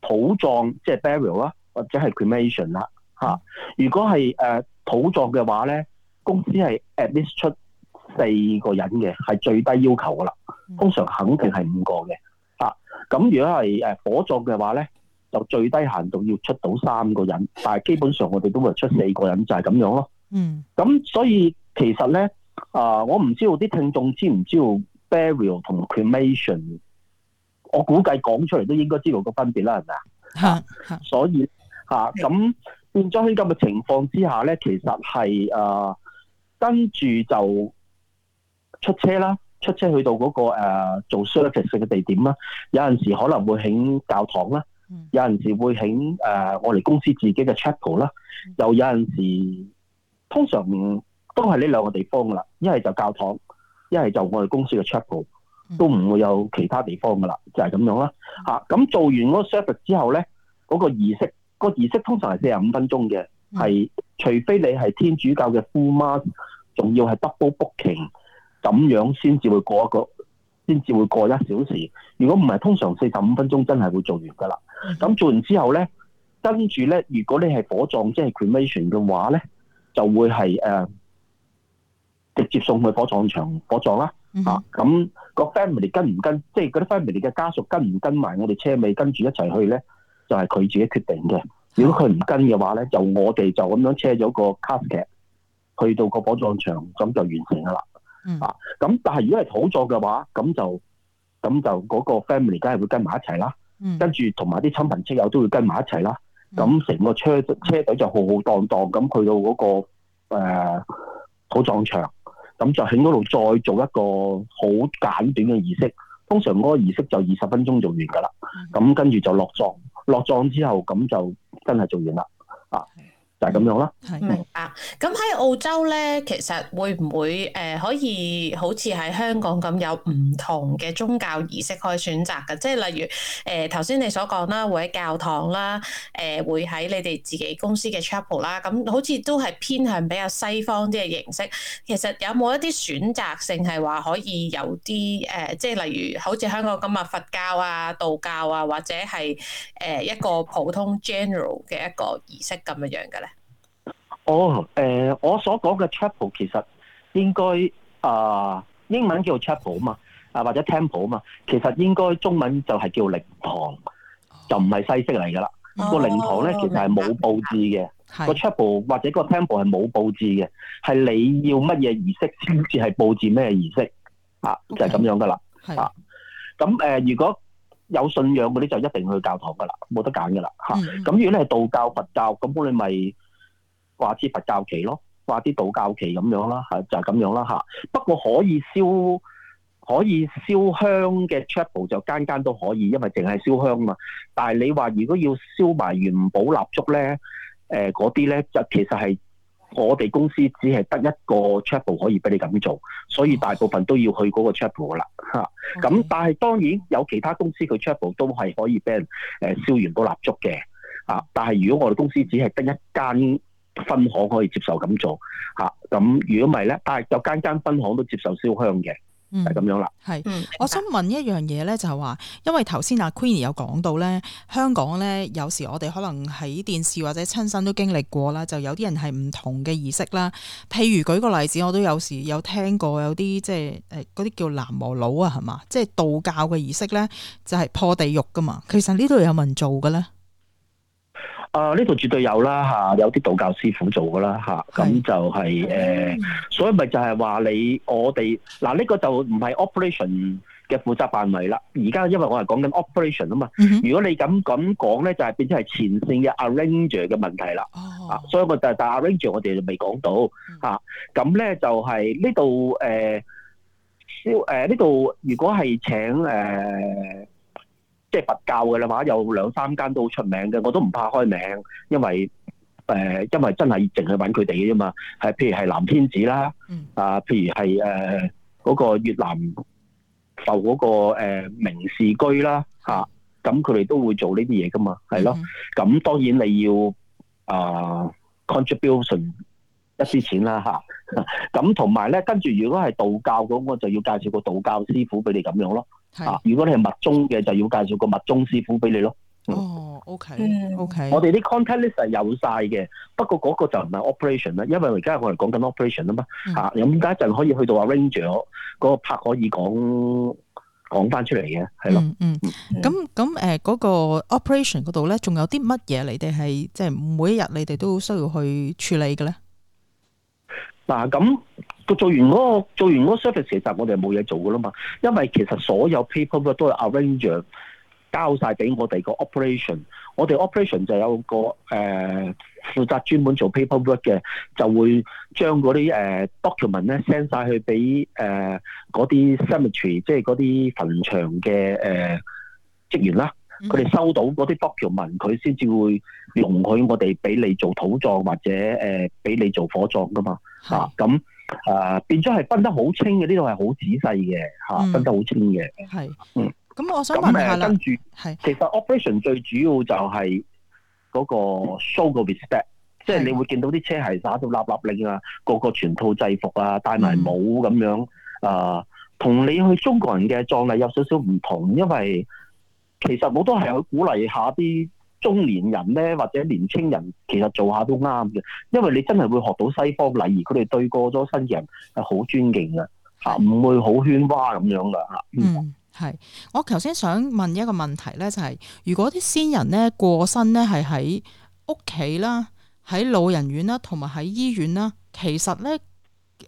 土葬即係 burial 啦，就是、rel, 或者係 cremation 啦、啊、吓。如果係誒、啊土葬嘅話咧，公司係 at least 出四個人嘅，係最低要求噶啦。通常肯定係五個嘅。啊，咁如果係誒火葬嘅話咧，就最低限度要出到三個人，但係基本上我哋都會出四個人，嗯、就係咁樣咯。嗯。咁所以其實咧，啊，我唔知道啲聽眾知唔知道 burial 同 cremation，我估計講出嚟都應該知道個分別啦，係咪啊？吓哈，所以吓咁。嗯變咗喺咁嘅情況之下咧，其實係誒、啊、跟住就出車啦，出車去到嗰、那個、啊、做 service 嘅地點啦。有陣時可能會喺教堂啦，有陣時會喺誒我哋公司自己嘅 chapel 咯。又、嗯、有陣時通常都係呢兩個地方噶啦，一係就教堂，一係就我哋公司嘅 chapel，都唔會有其他地方噶啦，就係、是、咁樣啦。嚇、嗯，咁、嗯啊、做完嗰個 service 之後咧，嗰、那個儀式。個儀式通常係四十五分鐘嘅，係、mm hmm. 除非你係天主教嘅夫媽，仲要係 double booking 咁樣先至會過一個，先至會過一小時。如果唔係，通常四十五分鐘真係會做完噶啦。咁、mm hmm. 做完之後咧，跟住咧，如果你係火葬，即係 cremation 嘅話咧，就會係誒、uh, 直接送去火葬場火葬啦。嚇、mm，咁、hmm. 啊那個 family 跟唔跟，即係嗰啲 family 嘅家屬跟唔跟埋我哋車尾跟住一齊去咧？就係佢自己決定嘅。如果佢唔跟嘅話咧，就我哋就咁樣車咗個 casket 去到個火葬場，咁就完成噶啦。嗯、啊，咁但係如果係土葬嘅話，咁就咁就嗰個 family 梗係會跟埋一齊啦。嗯、跟住同埋啲親朋戚友都會跟埋一齊啦。咁成、嗯、個車車隊就浩浩蕩蕩咁去到嗰、嗰個、呃、火葬場，咁就喺嗰度再做一個好簡短嘅儀式。通常嗰個儀式就二十分鐘做完噶啦。咁、嗯、跟住就落葬。落葬之後，咁就真係做完啦，啊！就係咁樣咯，明白。咁、啊、喺澳洲咧，其實會唔會誒、呃、可以好似喺香港咁有唔同嘅宗教儀式可以選擇嘅？即係例如誒頭先你所講啦，會喺教堂啦，誒、呃、會喺你哋自己公司嘅 chapel 啦，咁好似都係偏向比較西方啲嘅形式。其實有冇一啲選擇性係話可以有啲誒、呃，即係例如好似香港咁啊，佛教啊、道教啊，或者係誒一個普通 general 嘅一個儀式咁樣樣嘅咧？哦，誒、oh, 欸，我所講嘅 chapel 其實應該啊、呃，英文叫做 chapel 嘛，啊或者 temple 嘛，其實應該中文就係叫靈堂，就唔係西式嚟噶啦。Oh, 個靈堂咧其實係冇佈置嘅，個 chapel、oh, I 或者個 temple 係冇佈置嘅，係是你要乜嘢儀式先至係佈置咩儀式啊。就係咁樣噶啦。啊、呃，咁誒如果有信仰嗰啲就一定去教堂噶啦，冇得揀噶啦嚇。咁、啊、如果你係道教、佛教，咁你咪，掛支佛教旗咯，掛啲道教旗咁樣啦，嚇就係咁樣啦，嚇。不過可以燒可以燒香嘅 chapel 就間間都可以，因為淨係燒香嘛。但係你話如果要燒埋元寶蠟燭咧，誒嗰啲咧就其實係我哋公司只係得一個 chapel 可以俾你咁做，所以大部分都要去嗰個 chapel 嘅啦，嚇。咁但係當然有其他公司佢 chapel 都係可以俾人誒燒元寶蠟燭嘅，啊！但係如果我哋公司只係得一間的。分行可以接受咁做吓，咁如果唔係咧，但係有間間分行都接受燒香嘅，係咁、嗯、樣啦。係是，嗯、我想問一樣嘢咧，就係話，因為頭先阿 Queenie 有講到咧，香港咧有時我哋可能喺電視或者親身都經歷過啦，就有啲人係唔同嘅儀式啦。譬如舉個例子，我都有時有聽過有啲即係誒嗰啲叫喃嘸佬啊，係嘛，即係道教嘅儀式咧，就係破地獄噶嘛。其實呢度有冇人做嘅咧？啊！呢度絕對有啦吓，有啲道教師傅做噶啦吓，咁就係誒，所以咪就係話你我哋嗱呢個就唔係 operation 嘅負責範圍啦。而家因為我係講緊 operation 啊嘛，如果你咁咁講咧，就係變咗係前線嘅 arranger 嘅問題啦。啊，所以我就但 arranger 我哋就未講到吓，咁咧就係呢度誒，誒誒呢度如果係請誒。即係佛教嘅啦，嘛，有兩三間都好出名嘅，我都唔怕開名，因為誒、呃，因為真係淨係揾佢哋嘅啫嘛。係，譬如係藍天子啦，啊，譬如係誒嗰個越南就嗰、嗰個、呃、明仕居啦，嚇、啊，咁佢哋都會做呢啲嘢噶嘛，係咯。咁、嗯、當然你要啊 contribution 一啲錢啦，嚇、啊。咁同埋咧，跟住如果係道教咁，我就要介紹個道教師傅俾你咁樣咯。是啊！如果你係密宗嘅，就要介紹個密宗師傅俾你咯。哦，OK，OK。嗯、okay, okay. 我哋啲 contact list 係有晒嘅，不過嗰個就唔係 operation 啦，因為而家我哋講緊 operation 啊嘛。嗯、啊，咁等一陣可以去到啊，ranger 嗰個拍可以講講翻出嚟嘅，係咯嗯。嗯，咁咁誒，嗰、嗰個 operation 嗰度咧，仲有啲乜嘢你哋係即係每一日你哋都需要去處理嘅咧？嗱咁、啊。做完嗰、那個做完嗰個 service，其實我哋冇嘢做㗎喇嘛，因為其實所有 paperwork 都係 arranger 交晒俾我哋個 operation，我哋 operation 就有個誒、呃、負責專門做 paperwork 嘅，就會將嗰啲誒 document 咧 send 晒去俾誒嗰、呃、啲 cemetery，即係嗰啲墳場嘅誒、呃、職員啦，佢哋收到嗰啲 document，佢先至會容許我哋俾你做土葬或者誒俾、呃、你做火葬㗎嘛，啊咁。誒，uh, 變咗係分得好清嘅，呢度係好仔細嘅，吓、嗯、分得好清嘅。係是，嗯，咁、嗯、那我想問，問一下跟住着，係是，其實 operation 最主要就係嗰個 show 個 respect，的即係你會見到啲車係打到立立令啊，個個全套制服啊，戴埋帽咁樣，誒、嗯，同、啊、你去中國人嘅葬禮有少少唔同，因為其實我都係去鼓勵一下啲。中年人咧，或者年青人其實做下都啱嘅，因為你真係會學到西方禮儀，佢哋對過咗新人係好尊敬嘅，嚇唔會好喧嘩咁樣嘅嚇。嗯，係、嗯，我頭先想問一個問題咧，就係、是、如果啲先人咧，過身咧，係喺屋企啦、喺老人院啦、同埋喺醫院啦，其實咧。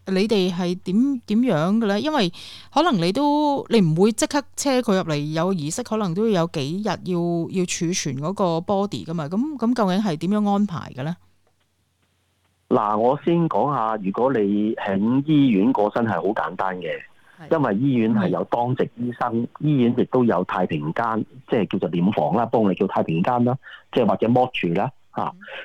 你哋係點點樣嘅咧？因為可能你都你唔會即刻車佢入嚟，有儀式，可能都要有幾日要要儲存嗰個 body 噶嘛。咁咁究竟係點樣安排嘅咧？嗱，我先講下，如果你喺醫院過身係好簡單嘅，的因為醫院係有當值醫生，醫院亦都有太平間，即係叫做殮房啦，幫你叫太平間啦，即係或者剝住啦吓。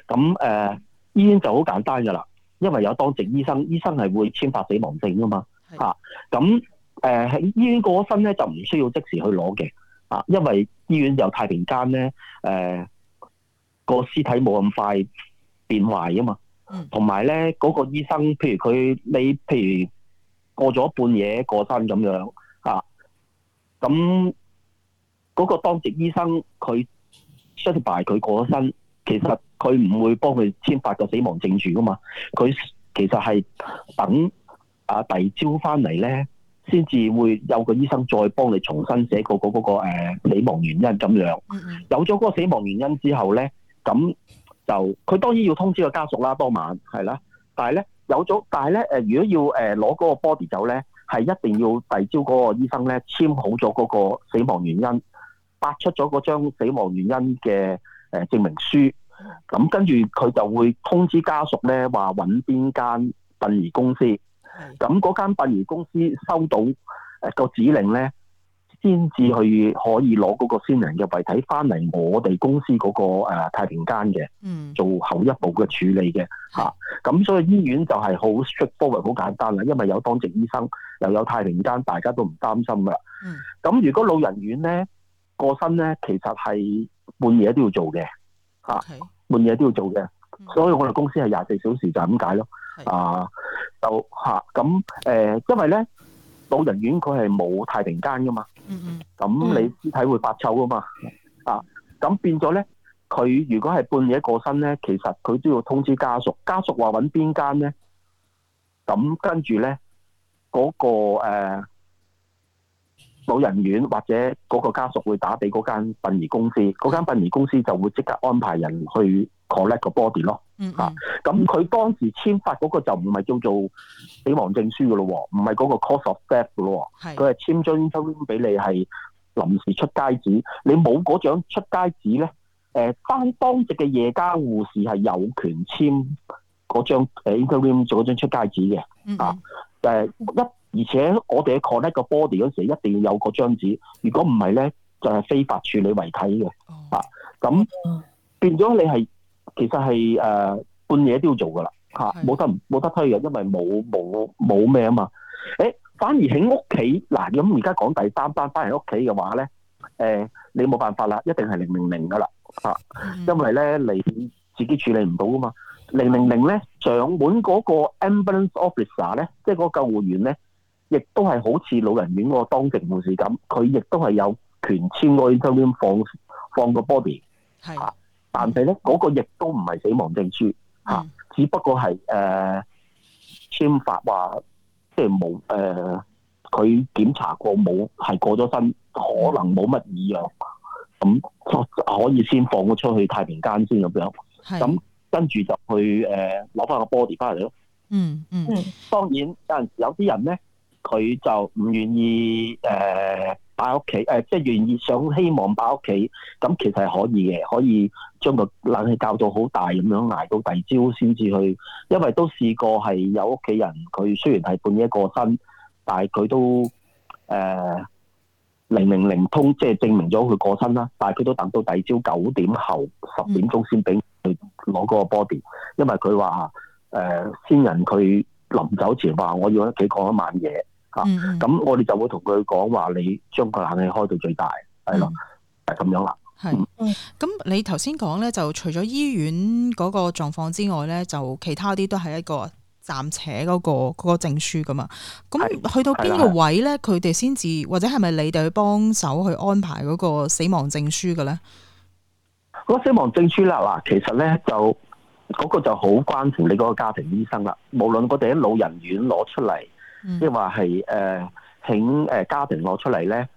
咁、啊、誒、呃，醫院就好簡單噶啦。因為有當值醫生，醫生係會簽發死亡證㗎嘛，吓咁誒喺醫院過咗身咧就唔需要即時去攞嘅，啊，因為醫院有太平間咧，誒、呃、個屍體冇咁快變壞啊嘛，同埋咧嗰個醫生，譬如佢你譬，譬如過咗半夜過身咁樣啊，咁嗰、嗰個當值醫生佢 cert 佢過咗身，嗯嗯、其實。佢唔會幫佢簽發個死亡證書噶嘛？佢其實係等啊第二朝翻嚟咧，先至會有個醫生再幫你重新寫個嗰個誒死亡原因咁樣。有咗嗰個死亡原因之後咧，咁就佢當然要通知個家屬啦。當晚係啦，但係咧有咗，但係咧誒，如果要誒攞嗰個 body 走咧，係一定要第二朝嗰個醫生咧簽好咗嗰個死亡原因，發出咗嗰張死亡原因嘅誒證明書。咁跟住佢就會通知家屬咧，話搵邊間殯儀公司。咁嗰間殯儀公司收到個指令咧，先至去可以攞嗰個先人嘅遺體翻嚟我哋公司嗰個誒太平間嘅，做後一步嘅處理嘅。吓、嗯、咁、啊、所以醫院就係好 straightforward，好簡單啦，因為有當值醫生，又有太平間，大家都唔擔心啦。咁、嗯、如果老人院咧過身咧，其實係半夜都要做嘅。啊，Okay. 半夜都要做嘅，所以我哋公司係廿四小時就係咁解咯。啊，就吓咁，誒，因為咧老人院佢係冇太平間噶嘛，咁、mm hmm. 你肢體會發臭噶嘛，mm hmm. 啊，咁變咗咧，佢如果係半夜過身咧，其實佢都要通知家屬，家屬話搵邊間咧，咁跟住咧嗰個誒。呃老人院或者嗰個家屬會打俾嗰間殯儀公司，嗰間殯儀公司就會即刻安排人去 collect 個 body 咯。嚇、mm，咁、hmm. 佢、啊、當時簽發嗰個就唔係叫做死亡證書噶咯，唔係嗰個 cause of death 噶咯。佢係是簽張 interim 俾你係臨時出街紙。你冇嗰張出街紙咧，誒、呃，翻當值嘅夜間護士係有權簽嗰張 interim 做嗰張出街紙嘅。嚇、啊，誒、mm hmm. 啊、一。而且我哋去 connect 個 body 嗰時，一定要有嗰張紙。如果唔係咧，就係、是、非法處理遺體嘅。哦、啊，咁變咗你係其實係誒、呃，半夜都要做噶啦。吓、啊，冇是的 得冇得推嘅，因為冇冇冇咩啊嘛。誒，反而喺屋企嗱，咁而家講第三班翻嚟屋企嘅話咧，誒、呃，你冇辦法啦，一定係零零零噶啦。啊，嗯、因為咧你自己處理唔到噶嘛，零零零咧上門嗰個 ambulance officer 咧，即係嗰個救護員咧。亦都係好似老人院嗰個當值護士咁，佢亦都係有權簽嗰張邊放放個 body，嚇。是但係咧，嗰個亦都唔係死亡證書嚇，嗯、只不過係誒簽法話即係冇誒，佢、呃、檢查過冇係過咗身，可能冇乜異樣，咁可以先放咗出去太平間先咁樣。咁是跟住就去誒攞翻個 body 翻嚟咯。嗯嗯，當然有陣時有啲人咧。佢就唔願意誒擺屋企誒，即係願意想希望擺屋企，咁其實係可以嘅，可以將個冷氣校到好大咁樣捱到第二朝先至去，因為都試過係有屋企人佢雖然係半夜過身，但係佢都誒、呃、零零零通，即係證明咗佢過身啦。但係佢都等到第二朝九點後十點鐘先俾佢攞個 body，因為佢話誒先人佢臨走前話我要喺屋企過一晚夜。咁、嗯、我哋就會同佢講話，你將個冷氣開到最大，係咯、嗯，係咁樣啦。係是，咁、嗯、你頭先講咧，就除咗醫院嗰個狀況之外咧，就其他啲都係一個暫且嗰、那個嗰、那個證書噶嘛。咁去到邊個位咧，佢哋先至，或者係咪你哋去幫手去安排嗰個死亡證書嘅咧？嗰死亡證書啦，嗱，其實咧就嗰、那個就好關乎你嗰個家庭醫生啦。無論我哋喺老人院攞出嚟。即係話係誒，請誒家庭攞出嚟咧，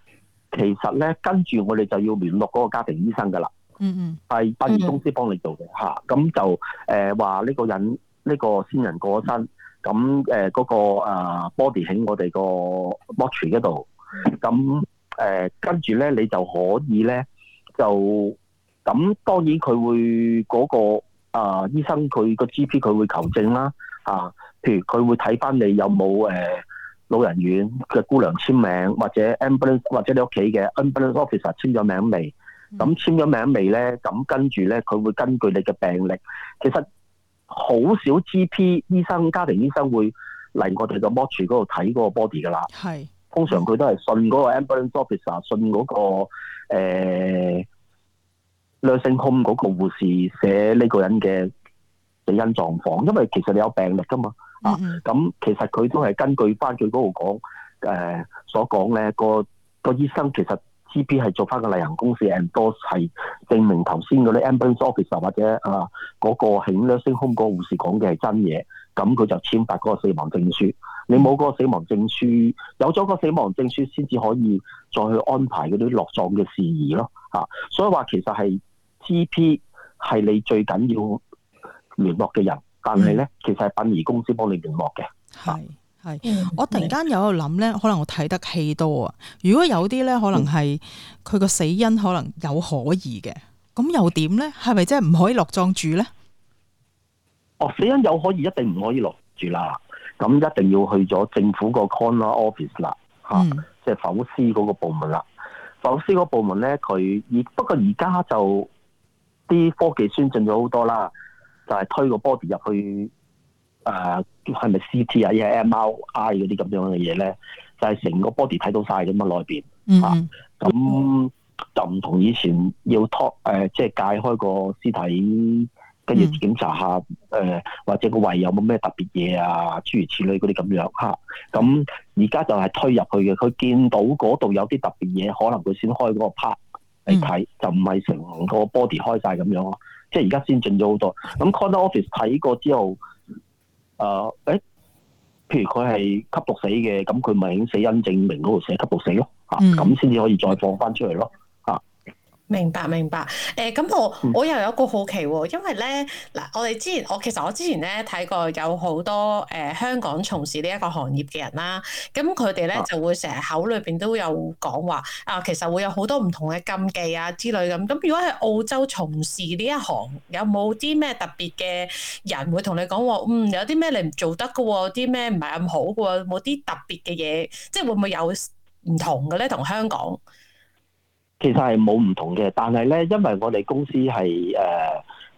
其實咧跟住我哋就要聯絡嗰個家庭醫生噶啦。嗯嗯、mm，係殯儀公司幫你做嘅吓，咁、啊、就誒話呢個人呢、這個先人過咗，呃那個呃、身，咁誒嗰個啊 body 喺我哋個 watchie 嗰度，咁誒跟住咧你就可以咧就咁，當然佢會嗰、那個啊、呃、醫生佢個 GP 佢會求證啦啊。譬如佢會睇翻你有冇誒老人院嘅姑娘簽名，或者 ambulance，或者你屋企嘅 ambulance officer 簽咗名未？咁、嗯、簽咗名未咧？咁跟住咧，佢會根據你嘅病歷，其實好少 GP 醫生、家庭醫生會嚟我哋嘅 mortuary 嗰度睇嗰個 body 噶啦。係是，通常佢都係信嗰個 ambulance officer，信嗰、那個誒 nursing、欸、home 嗰個護士寫呢個人嘅死因狀況，因為其實你有病歷噶嘛。啊，咁、嗯、其實佢都係根據翻佢嗰度講，誒所講咧個個醫生其實 G.P 係做翻個例行公事 endorse 係 <noise> 證明頭先嗰啲 ambulance officer 或者啊個喺 Nursing Home 個護士講嘅係真嘢，咁佢就簽發嗰個死亡證書。你冇個死亡證書，有咗個死亡證書先至可以再去安排嗰啲落葬嘅事宜咯，吓。所以話其實係 G.P 係你最緊要聯絡嘅人。但係咧，其實係殯儀公司幫你聯絡嘅。係係，嗯、我突然間有諗咧，可能我睇得戲多啊。如果有啲咧，可能係佢個死因可能有可疑嘅，咁、嗯、又點咧？係咪即係唔可以落葬住咧？哦，死因有可疑，一定唔可以落住啦。咁一定要去咗政府個 coroner office 啦，吓、嗯，即係剖屍嗰個部門啦。剖屍嗰個部門咧，佢亦不過而家就啲科技先進咗好多啦。就係推個 body 入去，誒係咪 CT 啊，亦 MRI 嗰啲咁樣嘅嘢咧？就係、是、成個 body 睇到晒嘅嘛，內邊，咁、mm hmm. 啊、就唔同以前要拖誒、呃，即、就、係、是、解開個屍體，跟住檢查下誒、mm hmm. 呃，或者個胃有冇咩特別嘢啊，諸如此類嗰啲咁樣嚇。咁而家就係推入去嘅，佢見到嗰度有啲特別嘢，可能佢先開嗰個 part 嚟睇，mm hmm. 就唔係成個 body 開晒咁樣咯。即係而家先進咗好多，咁 Coroner Office 睇過之後，誒、呃、誒、欸，譬如佢係吸毒死嘅，咁佢咪喺死因證明嗰度寫吸毒死咯，吓、啊，咁先至可以再放翻出嚟咯。明白明白，誒咁、欸、我我又有個好奇喎、啊，因為咧嗱，我哋之前我其實我之前咧睇過有好多誒香港從事呢一個行業嘅人啦，咁佢哋咧就會成日口裏邊都有講話啊，其實會有好多唔同嘅禁忌啊之類咁。咁如果喺澳洲從事呢一行，有冇啲咩特別嘅人會同你講話？嗯，有啲咩你唔做得㗎喎？啲咩唔係咁好㗎喎？冇啲特別嘅嘢，即係會唔會有唔同嘅咧？同香港？其實係冇唔同嘅，但係咧，因為我哋公司係誒，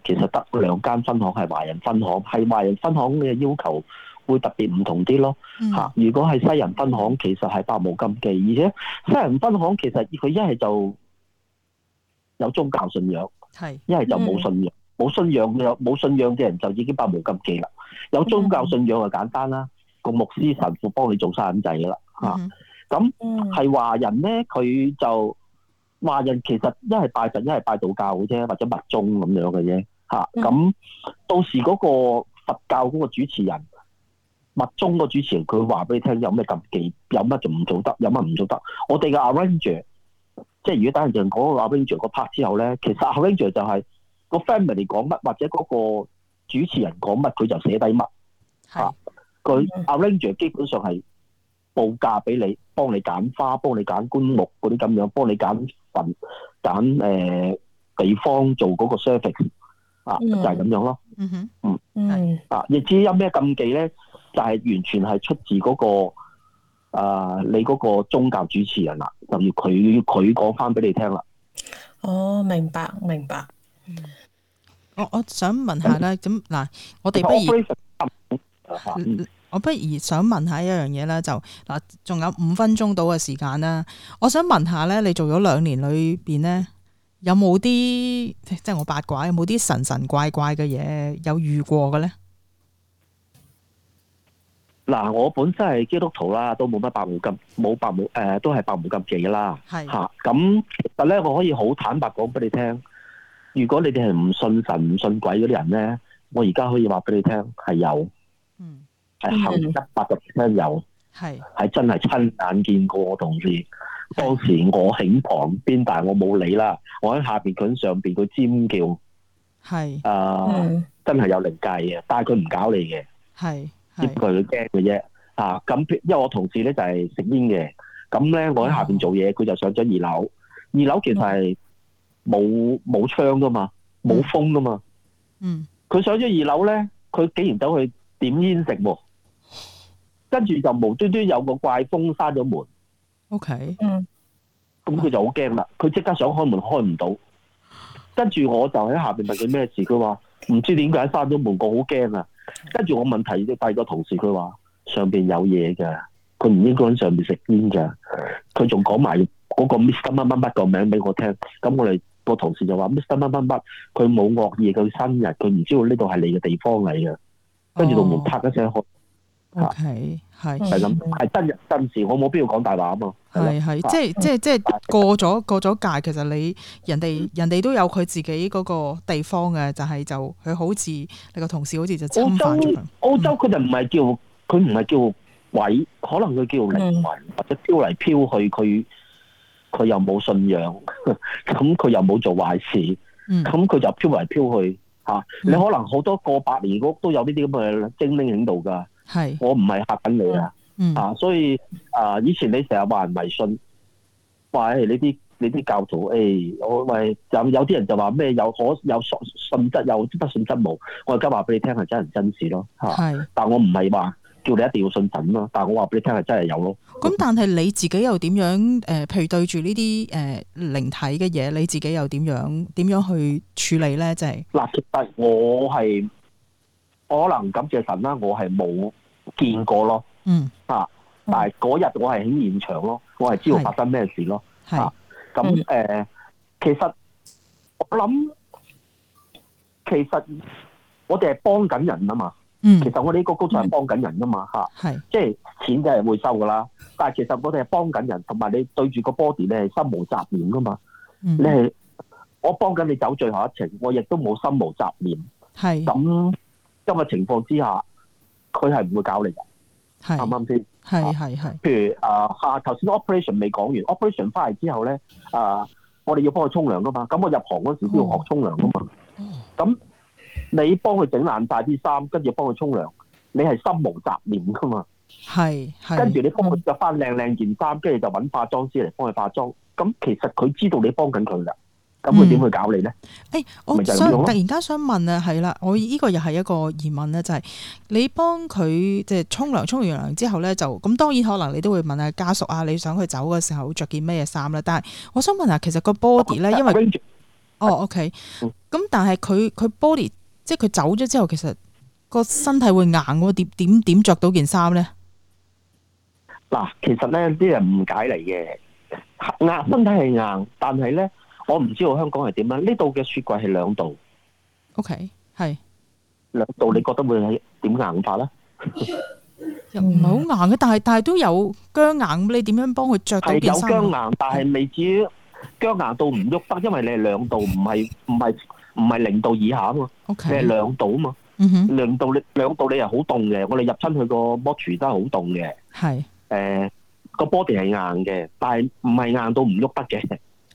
其實得兩間分行係華人分行，係華人分行嘅要求會特別唔同啲咯。吓，如果係西人分行，其實係百無禁忌，而且西人分行其實佢一係就有宗教信仰，係一係就冇信仰，冇信仰嘅冇信仰嘅人就已經百無禁忌啦。有宗教信仰就簡單啦，個牧師神父幫你做西人仔啦。吓，咁係華人咧，佢就。華人其實一係拜神，一係拜道教嘅啫，或者密宗咁樣嘅啫、嗯。嚇咁、啊、到時嗰個佛教嗰個主持人、密宗主個、那個、個、個主持人，佢話俾你聽有咩禁忌，有乜就唔做得，有乜唔做得。我哋嘅 arranger，即係如果等陣講個 arranger 個 part 之後咧，其實 arranger 就係個 family 講乜或者嗰個主持人講乜，佢就寫低乜。係。佢 arranger、嗯、基本上係。報價俾你，幫你揀花，幫你揀棺木嗰啲咁樣，幫你揀墳揀誒地方做嗰個 service、嗯、啊，就係、是、咁樣咯。嗯哼，嗯係啊，亦至於有咩禁忌咧，就係、是、完全係出自嗰、那個啊，你嗰個宗教主持人啦、啊，就要佢佢講翻俾你聽啦。哦，明白明白。嗯，我我想問下咧，咁嗱、嗯，我哋不如。啊啊啊啊啊啊啊我不如想問下一樣嘢啦，就嗱，仲有五分鐘到嘅時間啦。我想問下咧，你做咗兩年裏邊咧，有冇啲即係我八卦，有冇啲神神怪怪嘅嘢有遇過嘅咧？嗱，我本身係基督徒啦，都冇乜百無禁，冇百無、呃、都係百無禁忌嘅啦。係嚇是，咁、啊、但係咧，我可以好坦白講俾你聽，如果你哋係唔信神唔信鬼嗰啲人咧，我而家可以話俾你聽係有。係行一百十層樓，係係真係親眼見過我同事。當時我喺旁邊，但係我冇理啦。我喺下邊，佢喺上邊佢尖叫。係啊，真係有靈界嘅，但係佢唔搞你嘅，係只不過佢驚嘅啫。啊，咁因為我同事咧就係食煙嘅，咁咧我喺下邊做嘢，佢就上咗二樓。二樓其實係冇冇窗噶嘛冇風噶嘛。嗯，佢上咗二樓咧，佢竟然走去點煙食喎。跟住就無端端有個怪風閂咗門，OK，嗯，咁佢就好驚啦，佢即刻想開門開唔到，跟住我就喺下邊問佢咩事，佢話唔知點解閂咗門，我好驚啊！跟住我問題第二個同事，佢話上邊有嘢㗎，佢唔應該喺上面食煙㗎，佢仲講埋嗰個 Miss 乜乜乜個名俾我聽，咁我哋個同事就話 Miss 乜乜乜，佢冇惡意，佢生日，佢唔知道呢度係你嘅地方嚟嘅，跟住度門拍一聲開。O K，係係咁，係真人真事，我冇必要講大話啊嘛。係係，即係即係即係過咗過咗界。其實你人哋人哋都有佢自己嗰個地方嘅，就係、是、就佢好似你個同事好似就澳。澳洲澳洲佢就唔係叫佢唔係叫鬼，可能佢叫靈魂、嗯、或者飄嚟飄去。佢佢又冇信仰，咁 <laughs> 佢又冇做壞事，咁佢、嗯、就飄嚟飄去吓。啊嗯、你可能好多過百年古都有呢啲咁嘅精靈喺度噶。係，嗯、我唔係嚇緊你啊，啊，所以啊、呃，以前你成日話人迷信，話、哎、你啲你啲教徒，誒、哎，我咪有有啲人就話咩有可有信信則有，不信則無，我而家話俾你聽係真人真事咯，吓、啊。是但我唔係話叫你一定要信神咯，但係我話俾你聽係真係有咯。咁、嗯、 <laughs> 但係你自己又點樣誒？譬、呃、如對住呢啲誒靈體嘅嘢，你自己又點樣點樣去處理咧？即係嗱，其實我係可能感謝神啦，我係冇。見過咯，嗯，吓，但係嗰日，我係喺現場咯，我係知道發生咩事咯，係的，咁誒、啊呃，其實我諗，其實我哋係幫緊人啊嘛，其實我哋呢個工作係幫緊人噶嘛，吓、嗯，係、啊，即係錢梗係會收噶啦，的但係其實我哋係幫緊人，同埋你對住個 body 你係心無雜念噶嘛，嗯、你係我幫緊你走最後一程，我亦都冇心無雜念，係的，咁今日情況之下。佢係唔會搞你嘅，啱唔啱先？係係係，譬如啊，下頭先 operation 未講完，operation 翻嚟之後咧啊，我哋要幫佢沖涼噶嘛。咁我入行嗰陣時都要學沖涼噶嘛。咁、哦、你幫佢整爛晒啲衫，跟住幫佢沖涼，你係心無雜念噶嘛？係，跟住你幫佢着翻靚靚件衫，跟住就揾化妝師嚟幫佢化妝。咁其實佢知道你幫緊佢噶。咁會點去搞你咧？誒、嗯欸，我想突然間想問啊，係啦，我呢個又係一個疑問咧，就係、是、你幫佢即係沖涼沖完涼之後咧，就咁當然可能你都會問啊家屬啊，你想佢走嘅時候着件咩衫咧？但係我想問啊，其實個 body 咧，因為、啊啊啊啊、哦，OK，咁、啊嗯、但係佢佢 body 即係佢走咗之後，其實個身體會硬嘅喎，點點點着到件衫咧？嗱，其實咧啲人誤解嚟嘅，硬身體係硬，但係咧。我唔知道香港係點呀？呢度嘅雪櫃係兩度。O K，係兩度，你覺得會係點硬化咧？又唔係好硬嘅，但係但係都有僵硬咁，你點樣幫佢著到件衫？有僵硬，但係未至於僵硬到唔喐得，因為你係兩度，唔係唔係唔係零度以下啊嘛。O K，你係兩度啊嘛。嗯哼，兩度你兩度你係好凍嘅，我哋入侵佢個 module 都係好凍嘅。係。誒，個 body 係硬嘅，但係唔係硬到唔喐得嘅。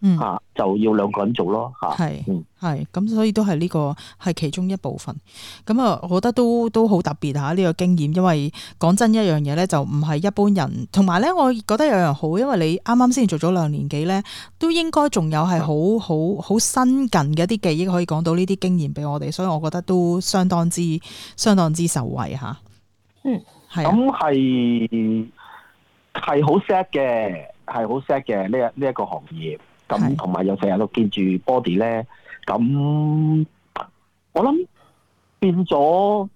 嗯吓，就要兩個人做咯吓。係是，係咁，嗯，所以都係呢個係其中一部分。咁啊，我覺得都都好特別吓呢個經驗，因為講真一樣嘢咧，就唔係一般人。同埋咧，我覺得有樣好，因為你啱啱先做咗兩年幾咧，都應該仲有係是好好好新近嘅一啲記憶，可以講到呢啲經驗俾我哋，所以我覺得都相當之相當之受惠吓，啊。嗯，係咁係係好 sad 嘅，係好 sad 嘅呢一呢一個行業。咁同埋又成日都見住 body 咧，咁我諗變咗，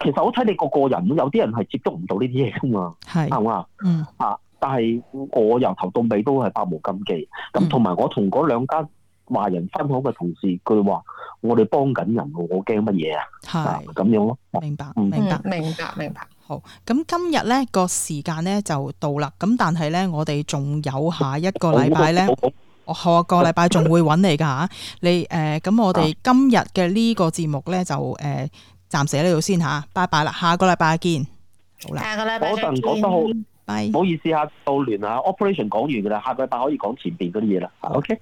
其實好睇你個個人，有啲人係接觸唔到呢啲嘢噶嘛，係係嘛，嗯啊，但係我由頭到尾都係百無禁忌，咁同埋我同嗰兩間華人分好嘅同事，佢話我哋幫緊人喎，我驚乜嘢啊？係咁樣咯，明白，明白，明白，明白。好，咁今日咧個時間咧就到啦，咁但係咧我哋仲有下一個禮拜咧，我下個禮拜仲會揾你噶，你、呃、誒，咁我哋今日嘅呢個節目咧就誒，暫時喺呢度先吓，拜拜啦，下個禮拜見，好啦，下個禮拜再見。嗰陣講得好，唔 Bye 好意思吓，到聯啦，operation 講完噶啦，下個禮拜可以講前邊嗰啲嘢啦，ok。